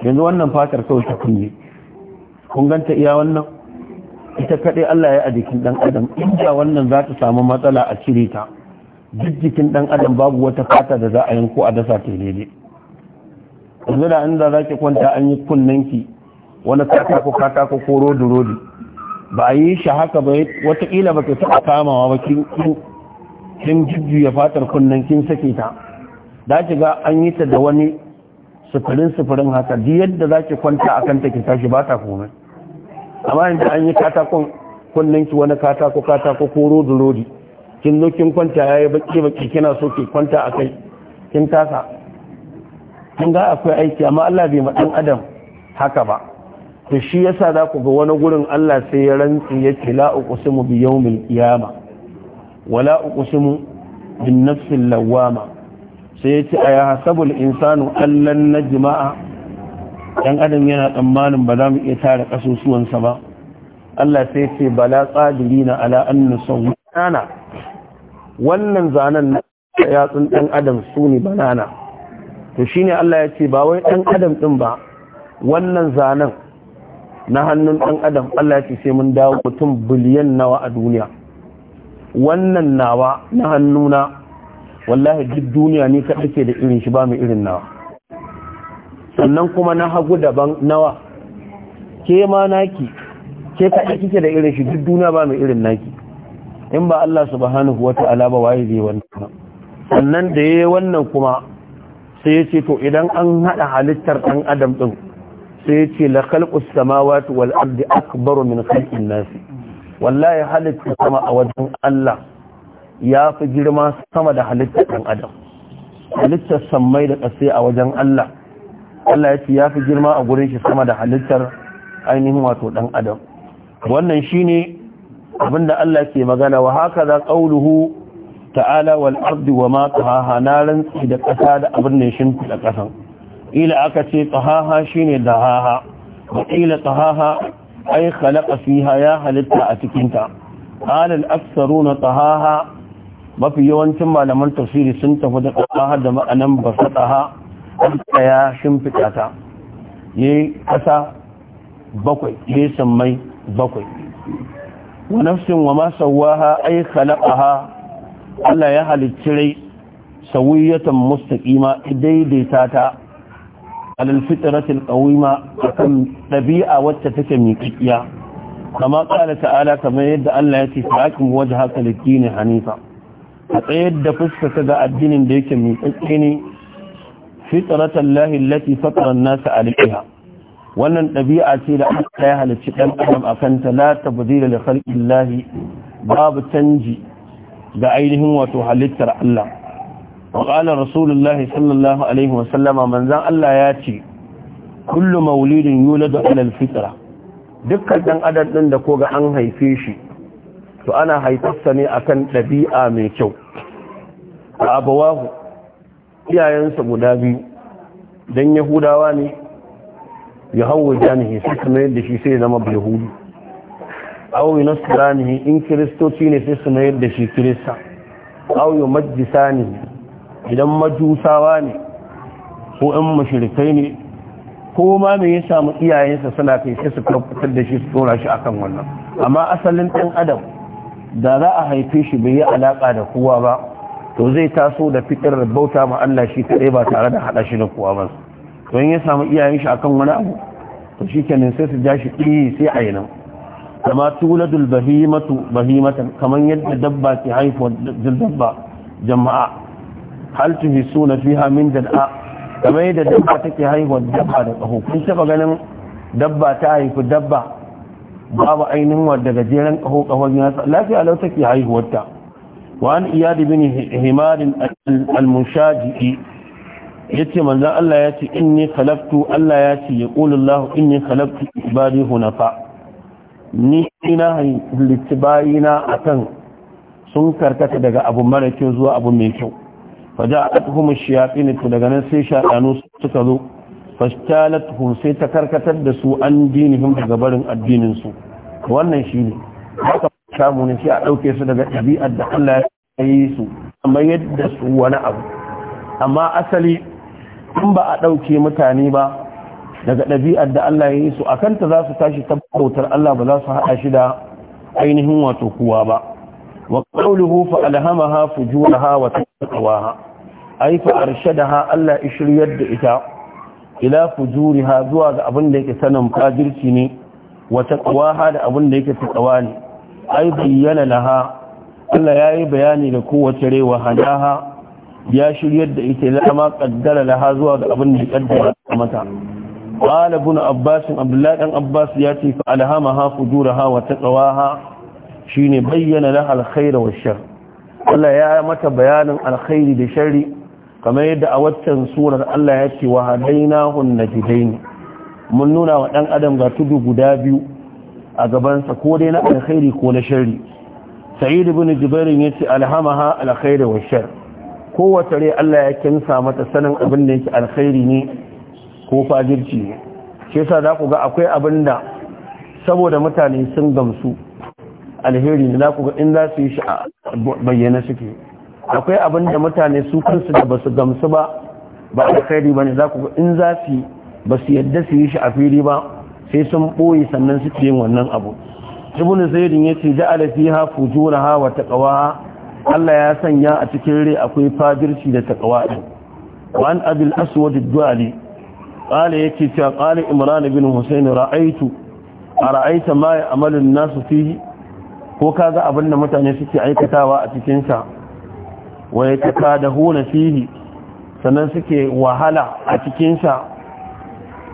yanzu wannan fatar kawai ta kunne kun ganta iya wannan ita kaɗai Allah ya a jikin dan adam inda wannan za ta samu matsala a cire ta duk jikin dan adam babu wata fata da za a yanko a dasa ta daidai yanzu da inda za ki kwanta an yi kunnanki wani katako katako ko rodi rodi ba a yi shi haka ba watakila ba ka taɓa kamawa ba kin jujjuya fatar kunnen kin sake ta da ki ga an yi ta da wani sufurin sufurin haka duk yadda za ki kwanta a kanta ki tashi ba ta komai amma yanzu an yi katakon kunnen ki wani katako katako ko rodi rodi kin zo kin kwanta yi baki baki kina so ki kwanta a kai kin tasa kun ga akwai aiki amma Allah bai ma dan adam haka ba to shi yasa za ku ga wani gurin Allah sai ya rantsi ya ce la uqsimu bi yawmil qiyama wala uqsimu bin nafsil lawama sai ya ce a ya hasabul insanu allan najma'a dan adam yana tsammanin ba za mu iya tare kasusuwansa ba Allah sai ya ce bala qadirina ala an nusawwana wannan zanen yatsun dan adam su banana to shi ne Allah ya ce ba wai ɗan adam ɗin ba wannan zanen na hannun ɗan adam Allah ya ce sai mun dawo mutum biliyan nawa a duniya wannan nawa na hannuna wallahi duk duniya ni ka ke da irin shi ba mai irin nawa sannan kuma na hagu daban nawa ke ma naki ke kaɗai kike da irin shi duk duniya ba mai irin naki in ba Allah subhanahu wa wata ba waye zai wannan sannan da ya yi wannan kuma sai ya ce to idan an haɗa halittar ɗan adam ɗin sai ya ce la khalqus samawati wal ardi akbaru min khalqin nas wallahi halittar sama a wajen Allah ya fi girma sama da halittar ɗan adam halittar samai da ƙasai a wajen Allah Allah ya ce ya fi girma a gurin shi sama da halittar ainihin wato ɗan adam wannan shine abinda Allah ke magana wa haka za ƙauluhu ta'ala wal ardi wa ma tahaha na rantsi da ƙasa da abin da shin da ƙasan ila aka ce tahaha shine dahaha wa ila tahaha ay khalaqa fiha ya halitta a cikin ta qala al aktharuna tahaha mafi yawancin malaman tafsiri sun tafi da tahaha da ma'anan basataha ta ya shimfita ta yayi ƙasa bakwai yayi sammai bakwai wa nafsin wa ma sawaha ay khalaqaha Allah ya halicci rai sawiyatan mustaqima daidaita ta alal fitratil qawima akan dabi'a wacce take miƙiya kama qala ta'ala kamar yadda Allah ya ce waje wajhaka hanifa a tsayar da fuska ga addinin da yake miƙaƙe ne fitratan lahi allati fatara an-nasa alayha wannan ɗabi'a ce da aka ya halicci ɗan adam akan ta la tabdila li khalqillahi babu canji ga ainihin wato halittar Allah وقال rasulullahi الله صلى الله عليه وسلم Allah ya ce, ياتي كل مولود da alal dukkan dan adam din da koga an haife shi to ana haifarsa ne akan dabi'a mai kyau a abawahu iyayensa guda biyu dan yahudawa ne ya hawo janihi sai kamar yadda shi sai zama hudu. aw yunasiranihi in kiristoci ne sai su mayar da shi kirista aw ne idan majusawa ne ko in mashirikai ne ko ma me ya samu iyayensa suna kai sai su fitar da shi su tsora shi akan wannan amma asalin ɗan adam da za a haife shi bai yi alaka da kowa ba to zai taso da fitar bauta ma Allah shi kaɗai ba tare da haɗa shi da kowa ba to in ya samu iyayen shi akan wani abu to shi kenan sai su ja shi ɗi sai a yi nan kama tuladul bahimatu bahimatan kaman yadda dabba ke haifuwar dabba jama'a hal suna fi fiha min jad'a kamar yadda dabba take haihuwar dabba da kaho kun taba ganin dabba ta haifi dabba babu ainihin daga gajeren kaho kahon yasa lafiya lau take haihuwarta wa an iyadi bin himarin al-mushaji'i yace manzon Allah yace inni khalaqtu Allah yace yaqulu Allah inni khalaqtu ibadi hunafa ni ina halitti bayina a kan sun karkata daga abu mara kyau zuwa abu mai kyau faja a tuhumin shayafi ne daga nan sai shaɗanu suka zo fashtalat sai ta karkatar da su an hin daga barin addininsu wannan shi ne haka samu ne shi a ɗauke su daga ɗabi'ar da Allah ya yi su amma yadda su wani abu amma asali in ba a ɗauke mutane ba daga ɗabi'ar da Allah ya yi su a kanta za su tashi tabbatar Allah ba za su haɗa shi da ainihin wato kuwa ba wa qawluhu fa alhamaha fujuraha wa taqwaha ay fa arshadaha Allah ishriyar da ita ila fujuriha zuwa ga abin da yake sanin fajirci ne wa taqwaha da abin da yake taqwa ne ay bayyana laha Allah ya yi bayani da kowace rewa hanaha ya shiryar da ita lama qaddara laha zuwa ga abin da ya kaddara mata قال ابن عباس عبد الله بن عباس ياتي فالهمها فجورها وتقواها شيني بين لها الخير والشر Allah ya mata bayanin alkhairi da shari kamar yadda a waccan surar Allah ya ce wa hadainahun najdain mun nuna wa ɗan adam ga tudu guda biyu a gabansa ko dai na alkhairi ko na shari sa'id ibn jubair yace alhamaha alkhairi wa shar kowace rai Allah ya kinsa mata sanin abin da yake alkhairi ne ko fajirci ne shi yasa za ku ga akwai abin da saboda mutane sun gamsu alheri ne za ku ga in za su yi shi a bayyana suke akwai abin da mutane su kansu da ba su gamsu ba ba alkhairi ba ne za ku ga in za su ba su yadda su yi shi a fili ba sai sun ɓoye sannan suke yin wannan abu ibn zaidin ce ja'ala fiha fujuraha wa taqwaha Allah ya sanya a cikin rai akwai fajirci da taqwa din wa an abil aswad ad-duali ƙali yake cewa ƙali imran bin hussein ra'aitu a ra'aita ma ya amalin nasu fi ko ka ga abin da mutane suke aikatawa a cikinsa waye ta ka da huna fi sannan suke wahala a cikinsa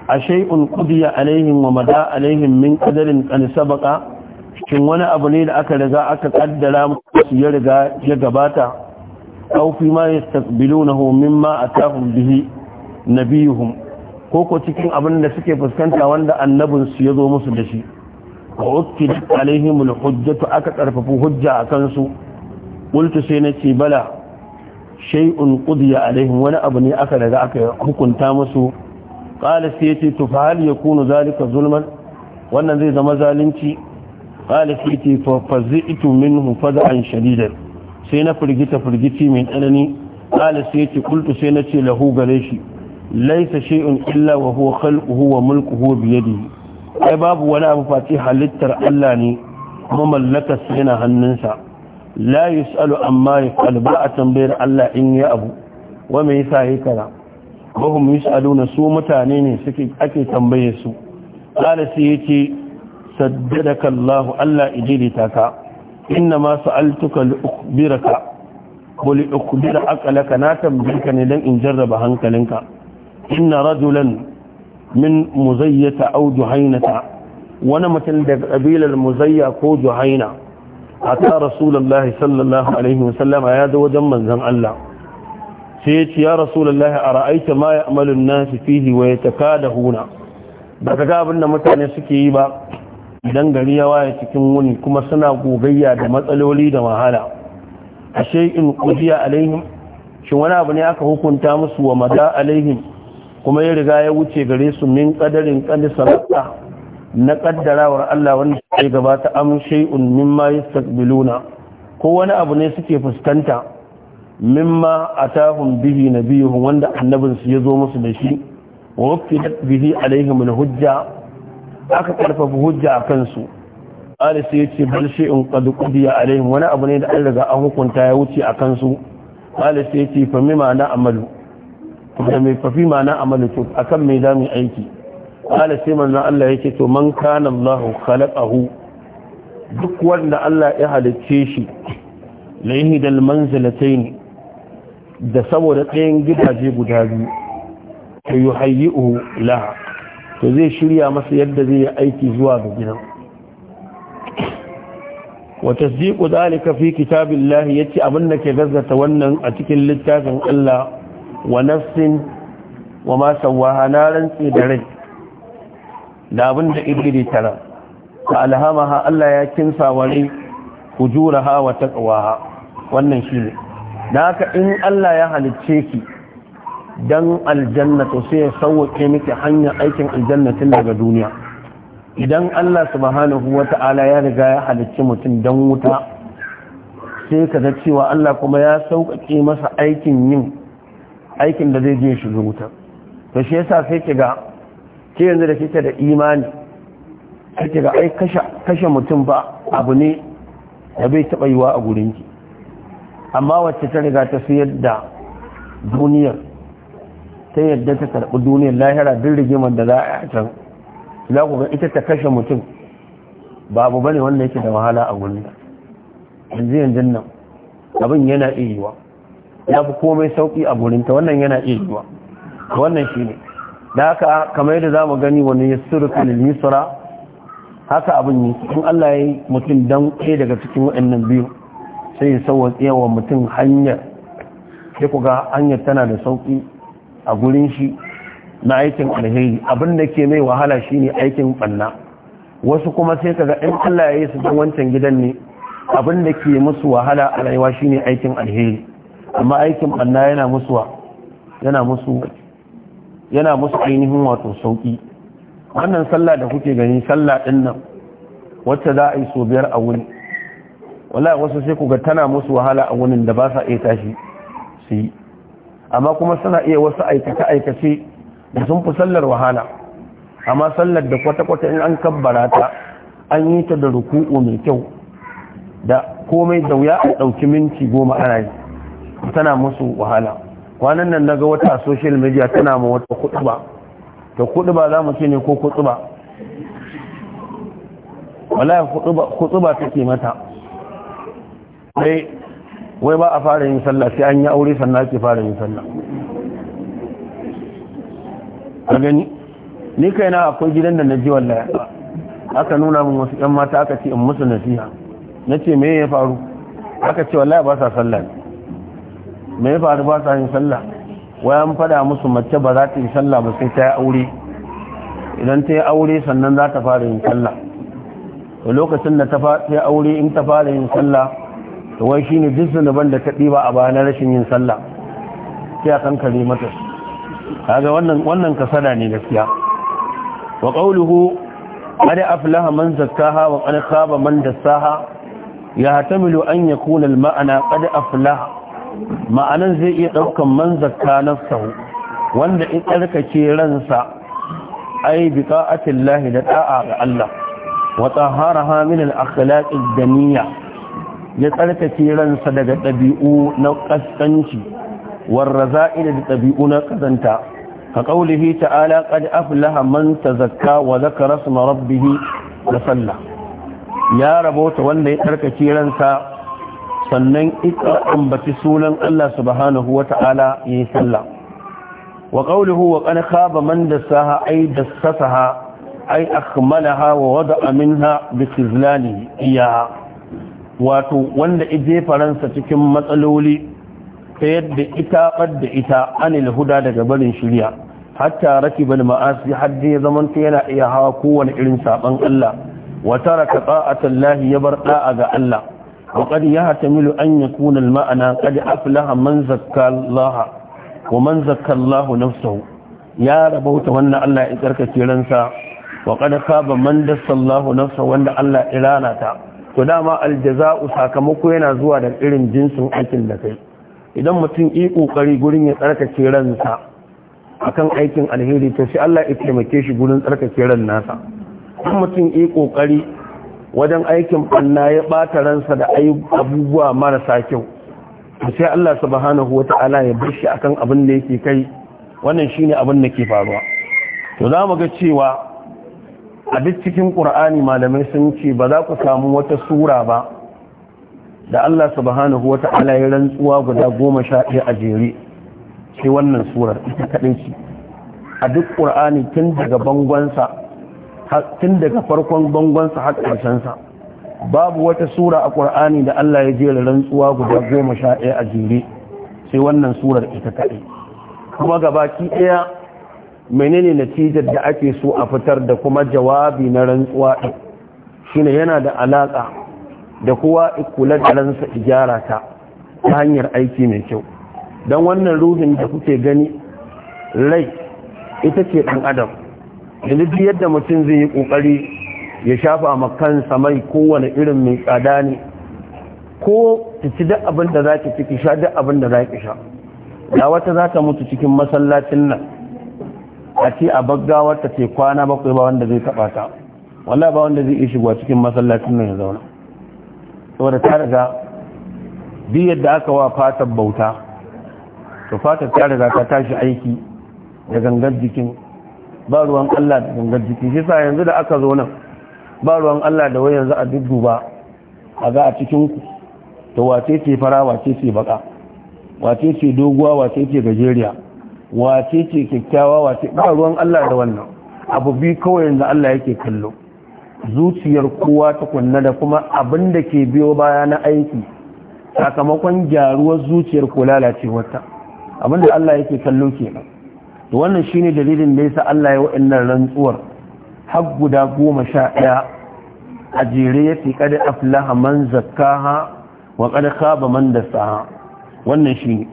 a shai'un kudiya alaihim wa mada alaihim min kadarin kani sabaka cikin wani abu ne da aka riga aka kaddara su ya riga ya gabata kawfi ma ya stakbilu na homin ma a tafin bihi na biyu koko cikin abin da suke fuskanta wanda annabinsu ya zo musu da shi wa ukki alaihimul hujjatu aka karfafi hujja a kansu qultu sai na ce bala shay'un qudiya alaihim wani abu ne aka daga aka hukunta musu qala sai yace to fa hal yakunu zalika zulman wannan zai zama zalunci qala sai yace fa fazi'tu minhu faz'an shadidan sai na firgita firgiti mai tsanani qala sai yace qultu sai na ce lahu gare shi laisa shay'un illa wa huwa khalquhu wa mulkuhu bi yadihi ai babu wani abu face halittar Allah ne kuma mallakar sa yana hannunsa la yus'alu amma yaf'al ba a tambayar Allah in ya abu wa me yasa yake kaza wa yus'aluna su mutane ne suke ake tambaye su qala sai yace saddadaka Allah Allah ijilita ka inna ma sa'altuka li ukhbiraka wa ukhbira aqlaka na tambayka ne dan in jarraba hankalinka inna rajulan min muzayyata au juhainata wani mutum daga ƙabilar muzayya ko juhaina a ta rasulullahi sallallahu alaihi wasallama ya zo wajen manzan Allah sai ya ce ya a ra'aita ma ya amalin nasu fihi wa ya taka da huna ba ka ga abin da mutane suke yi ba idan gari ya waye cikin wuni kuma suna gogayya da matsaloli da wahala ashe in kudiya alaihim shin wani abu ne aka hukunta musu wa mada alaihim kuma ya riga ya wuce gare su min kadarin kani salata na kaddarawar Allah wanda ya gabata am shay'un mimma yastaqbiluna ko wani abu ne suke fuskanta mimma atahum bihi nabiyuhum wanda annabin su yazo musu da shi wa wafidat bihi alaihim alhujja aka karfafa hujja akan su ala sai yace bal shay'un qad qudiya alaihim wani abu ne da an riga an hukunta ya wuce akan su ala sai yace fa mimma na amalu da mai fafi mana amalu a akan mai zamu aiki ala sai manzan Allah yake to man kana Allah khalaqahu duk wanda Allah ya halicce shi laihi dal manzalatain da saboda tsayin gidaje guda biyu to yuhayyihu la to zai shirya masa yadda zai yi aiki zuwa ga gidan وتصديق ذلك في abin da ke gazzata wannan a cikin littafin Allah. wa nafsin wa ma sawaha na rantsi da rai da abin da ibiri tara ka alhamaha Allah ya kinsa wa hujura hujuraha wa taqwaha wannan ne. da haka in Allah ya halicce ki dan aljanna to sai ya sauke miki hanyar aikin aljannatin daga duniya idan Allah subhanahu ta'ala ya riga ya halicci mutum dan wuta sai ka ga cewa Allah kuma ya sauƙaƙe masa aikin yin aikin da zai je shiga wuta to shi yasa sai ga ke yanzu da kike da imani sai ga ai kashe mutum ba abu ne da bai taba yiwa a gurin ki amma wacce ta riga ta siyar da duniyar ta yadda ta karɓi duniyar lahira duk rigimar da za a yi can za ku ga ita ta kashe mutum babu bane wanda yake da wahala a gurin yanzu yanzu nan abin yana iya yiwa ya fi komai sauƙi a gurinta wannan yana iya zuwa wannan shi ne da haka kamar yadda za mu gani wani ya suru filin haka abin yi in allah ya yi mutum don ke daga cikin waɗannan biyu sai ya sauwa wa mutum hanyar sai ku ga hanyar tana da sauƙi a gurin shi na aikin alheri abin da ke mai wahala shi ne aikin ɓanna wasu kuma sai ka ga in allah ya yi su don wancan gidan ne abin da ke musu wahala a rayuwa ne aikin alheri amma aikin banna yana musu yana musu yana musu ainihin wato sauki wannan sallah da kuke gani sallah din nan wacce za a yi so biyar a wuni wallahi wasu sai ku ga tana musu wahala a wunin da ba sa iya tashi su yi amma kuma suna iya wasu aikace aikace da sun fi sallar wahala amma sallar da kwata-kwata in an kabbara ta an yi ta da ruku'u mai kyau da komai da wuya a ɗauki minti goma ana yi tana musu wahala kwanan nan daga wata a social media tana ma wata kudu ba ta kudu ba za mu ce ne ko kudu ba wala kudu ba take mata dai wai ba a fara yin sallah sai an yi aure sannan ake fara yin sallah a gani ni kai na akwai gidan da na ji wallahi aka nuna min wasu yan mata aka ce in musu nasiha na ce me ya faru aka ce wallahi ba sa sallah ne Mai ya faru ba sa yin sallah wai an faɗa musu mace ba za ta yi sallah ba sai ta yi aure idan ta yi aure sannan za ta fara yin sallah lokacin da ta yi aure in ta fara yin sallah to wai shine duk zunuban da ta ɗiba a bayan rashin yin sallah sai a kare mata kaga wannan wannan kasada ne gaskiya wa qawluhu qad aflaha man zakkaha wa qad khaba man dassaha yahtamilu an yakuna al ma'ana qad aflaha ma'anan zai iya ɗaukan man zakka nafsahu wanda in tsarkake ransa ai bi ta'atin lahi da da'a ga Allah wa taharaha min al daniya ya tsarkake ransa daga ɗabi'u na kaskanci warra raza'il da ɗabi'u na ƙazanta, ka ƙaulihi ta'ala qad aflaha man zakka, wa dhakara isma rabbih wa salla ya rabota wanda ya tsarkake ransa sannan ika ambaci sunan Allah subhanahu wa ta'ala yi sallah wa qawluhu wa qad khaba man dassaha ay dassasaha ay akmalaha wa wada'a minha bi khizlanihi iyaha wato wanda ije faransa cikin matsaloli ta yadda ita da ita anil huda daga barin shirya hatta rakibal ma'asi hadda ya zamanta yana iya hawa kowane irin saɓan Allah wa taraka ta'atallahi ya bar ɗa'a ga Allah وقد يحتمل أن يكون المعنى قد أفلح من زكى الله ومن زكى الله نفسه يا ربوت وأن الله إترك تلنسى وقد خاب من دس الله نفسه وأن الله إلانتا kudama aljaza'u sakamako yana zuwa daga irin jinsin aikin da kai idan mutum yi kokari gurin ya tsarkake ransa akan aikin alheri to sai Allah ya taimake shi gurin tsarkake ran nasa kuma mutum yi kokari wajen aikin banna ya ɓata ransa da abubuwa marasa kyau sai Allah subhanahu wata'ala ya bar shi akan abin da yake kai wannan shine abin da ke faruwa to za mu ga cewa a duk cikin ƙur'ani malamai sun ce ba za ku samu wata sura ba da Allah subhanahu wata'ala ya rantsuwa guda goma sha ɗaya a jere sai wannan surar ita kaɗai ce a duk ƙur'ani tun daga bangonsa tun daga farkon bangonsa har ƙarshensa babu wata sura a ƙur'ani da Allah ya jera rantsuwa guda goma sha a jere sai wannan surar ita kaɗai kuma gabaki ɗaya menene natijar da ake so a fitar da kuma jawabi na rantsuwa ɗin shine yana da alaƙa da kowa ikula da ransa gyara ta ta hanyar aiki mai kyau don wannan ruhin da kuke gani rai ita ce ɗan adam yanzu duk yadda mutum zai yi kokari ya shafa ma kansa samai kowane irin mai tsada ne ko ki ci duk abin da zaki ci kisha, sha duk abin da zaki sha da wata za ta mutu cikin masallacin nan a ce a baggawar ta ce kwana bakwai ba wanda zai taba ta wallahi ba wanda zai iya shigowa cikin masallacin nan ya zauna saboda ta riga duk yadda aka wa fatar bauta to fatar ta riga ta tashi aiki da gangar jikin ba ruwan Allah da gangar jiki shi sa yanzu da aka zo nan ba ruwan Allah da wai yanzu a ba, a ga a cikin ku to wace ce fara wace ce baka wace ce doguwa wace ce gajeriya wace ce kyakkyawa wace ba ruwan Allah da wannan abu bi kawai yanzu Allah yake kallo zuciyar kowa tukunna da kuma abin da ke biyo baya na aiki sakamakon gyaruwar zuciyar ko lalacewarta abin da Allah yake kallo kenan Wannan wannan ne dalilin da yasa Allah ya wa'annan rantsuwar har guda goma sha ɗaya a jere ya fi kada aflaha man zakkaha wa kada kaba man dasaha wannan ne.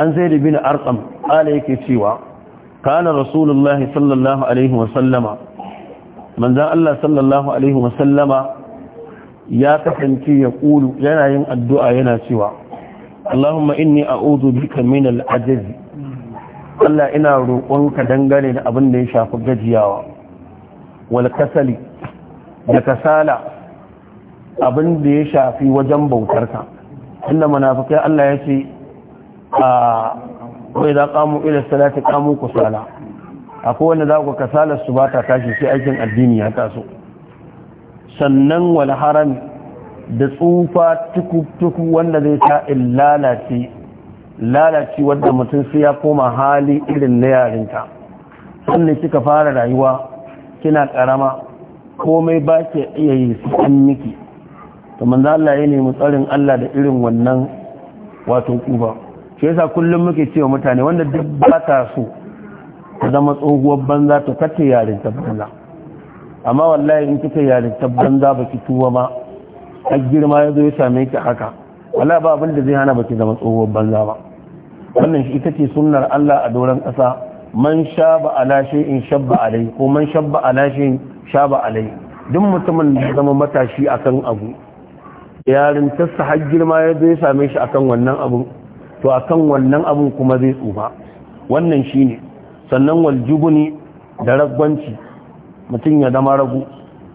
an zai da bin arƙam. ala yake cewa kana rasulullahi sallallahu alaihi wa sallama manzan Allah sallallahu alaihi wa sallama ya kasance ya ƙulu yana yin addu'a yana cewa Allahumma inni a'udhu bika min al-ajzi Allah ina roƙonka dangane da abin da ya shafi gajiyawa wal kasali da kasala abin da ya shafi wajen bautarka inda munafikai Allah ya ce a wai za kamu ila salati kamu kusala akwai wanda za ku kasala su ba ta tashi sai aikin addini ya taso sannan wal da tsufa tukutuku wanda zai ta in lalace lalaci wadda mutum sai ya koma hali irin na yarinta sannan kika fara rayuwa kina karama komai ba ke iya yi su an miki to manzo Allah ya nemi tsarin Allah da irin wannan wato kuba shi yasa kullum muke cewa mutane wanda duk ba ta so ta zama tsohuwar banza ta kace yarinta banza amma wallahi in kika yarinta banza baki tuwa ba, har girma ya zo ya same ki haka wala ba abin da zai hana baki zama tsohuwar banza ba wannan ita ce sunnar Allah a doron ƙasa man shaba ala sha ba alai ko man shabba ala sha shaba alai duk mutumin da zama matashi akan abu yarin tassa har girma ya zai same shi akan wannan abu to akan wannan abun kuma zai tsufa wannan shi ne sannan waljubuni da ragwanci mutum ya zama ragu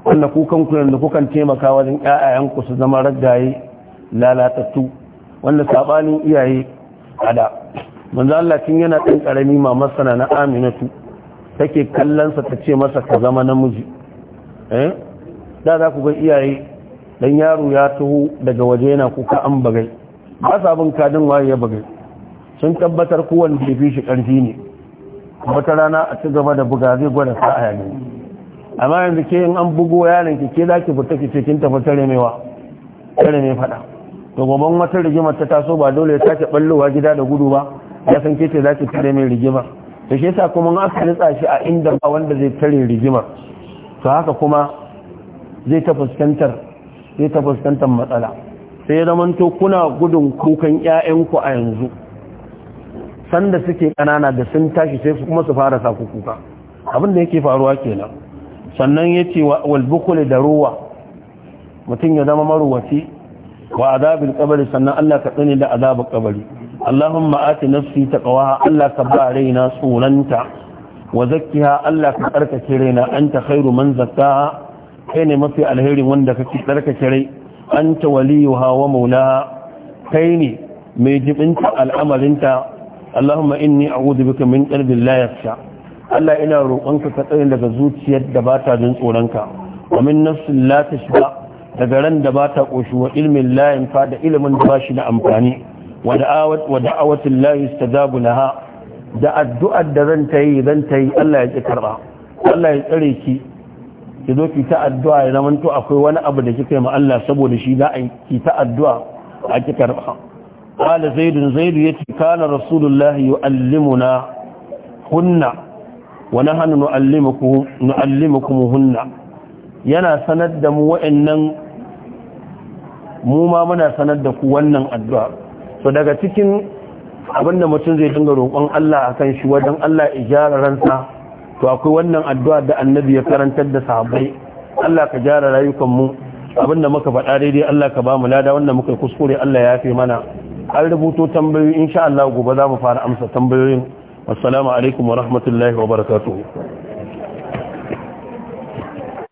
wanda kukan kunan da kukan taimaka wajen 'ya'yanku su zama raggaye lalatattu wanda saɓanin iyaye ada manzo Allah yana ɗan ƙarami ma na na Aminatu take kallon sa ta ce masa ka zama namiji eh da za ku ga iyaye dan yaro ya taho daga waje yana kuka an bagai ba sa bin kadin waye ya bagai sun tabbatar kowanne bai fi shi ƙarfi ne wata rana a ci gaba da buga zai gwada sa a amma yanzu ke in an bugo yaron ki ke za ki fita ki ce kin tafi tare mai wa tare mai faɗa to goban wata rigimar ta taso ba dole ya sake ballowa gida da gudu ba ya san ke ce za ta tare mai rigima to shi yasa kuma aka shi a inda ba wanda zai tare rigima to haka kuma zai ta fuskantar zai ta fuskantar matsala sai ya zama to kuna gudun kukan 'ya'yanku a yanzu sanda suke kanana da sun tashi sai su kuma su fara sa kuka abin da yake faruwa kenan sannan yace wal bukhul da ruwa mutum ya zama maruwaci wa azabin kabari sannan Allah ka tsani da azabin kabari. Allahumma ati nafsi taqwaha Allah ka ba raina tsoranta wa zakkiha Allah ka tsarkake raina anta khairu man zakkaha kai ne mafi alherin wanda kake tsarkake rai anta waliyuha wa maulaha kai ne mai jibinta al'amarinta Allahumma inni a'udhu bika min qalbin la yakhsha Allah ina roƙonka ka tsare daga zuciyar da ba ta jin tsoronka wa min nafsin la tashba daga ran da ba ta ƙoshi wa ilmin layin da ilimin da ba shi da amfani wa da'awatin layi ta zabu ha. da addu'ar da zan ta yi zan ta yi Allah ya ƙi karɓa Allah ya tsare ki ki zo ki ta addu'a ya zama to akwai wani abu da kika yi ma Allah saboda shi za a ki ta addu'a a ƙi karɓa qala zaidun zaidu yace kana rasulullahi na hunna wa nahnu nu'allimukum kuma hunna yana sanar da mu wa'annan mu ma muna sanar da ku wannan addu'a so daga cikin abinda mutum zai dinga roƙon Allah akan shi wajen Allah ijara ransa to akwai wannan addu'a da annabi ya karantar da sahabbai Allah ka jara rayukan mu abinda muka faɗa daidai Allah ka ba lada wanda muka kuskure Allah ya fi mana an rubuto tambayoyi insha Allah gobe za mu fara amsa tambayoyin assalamu alaikum wa rahmatullahi wa barakatuh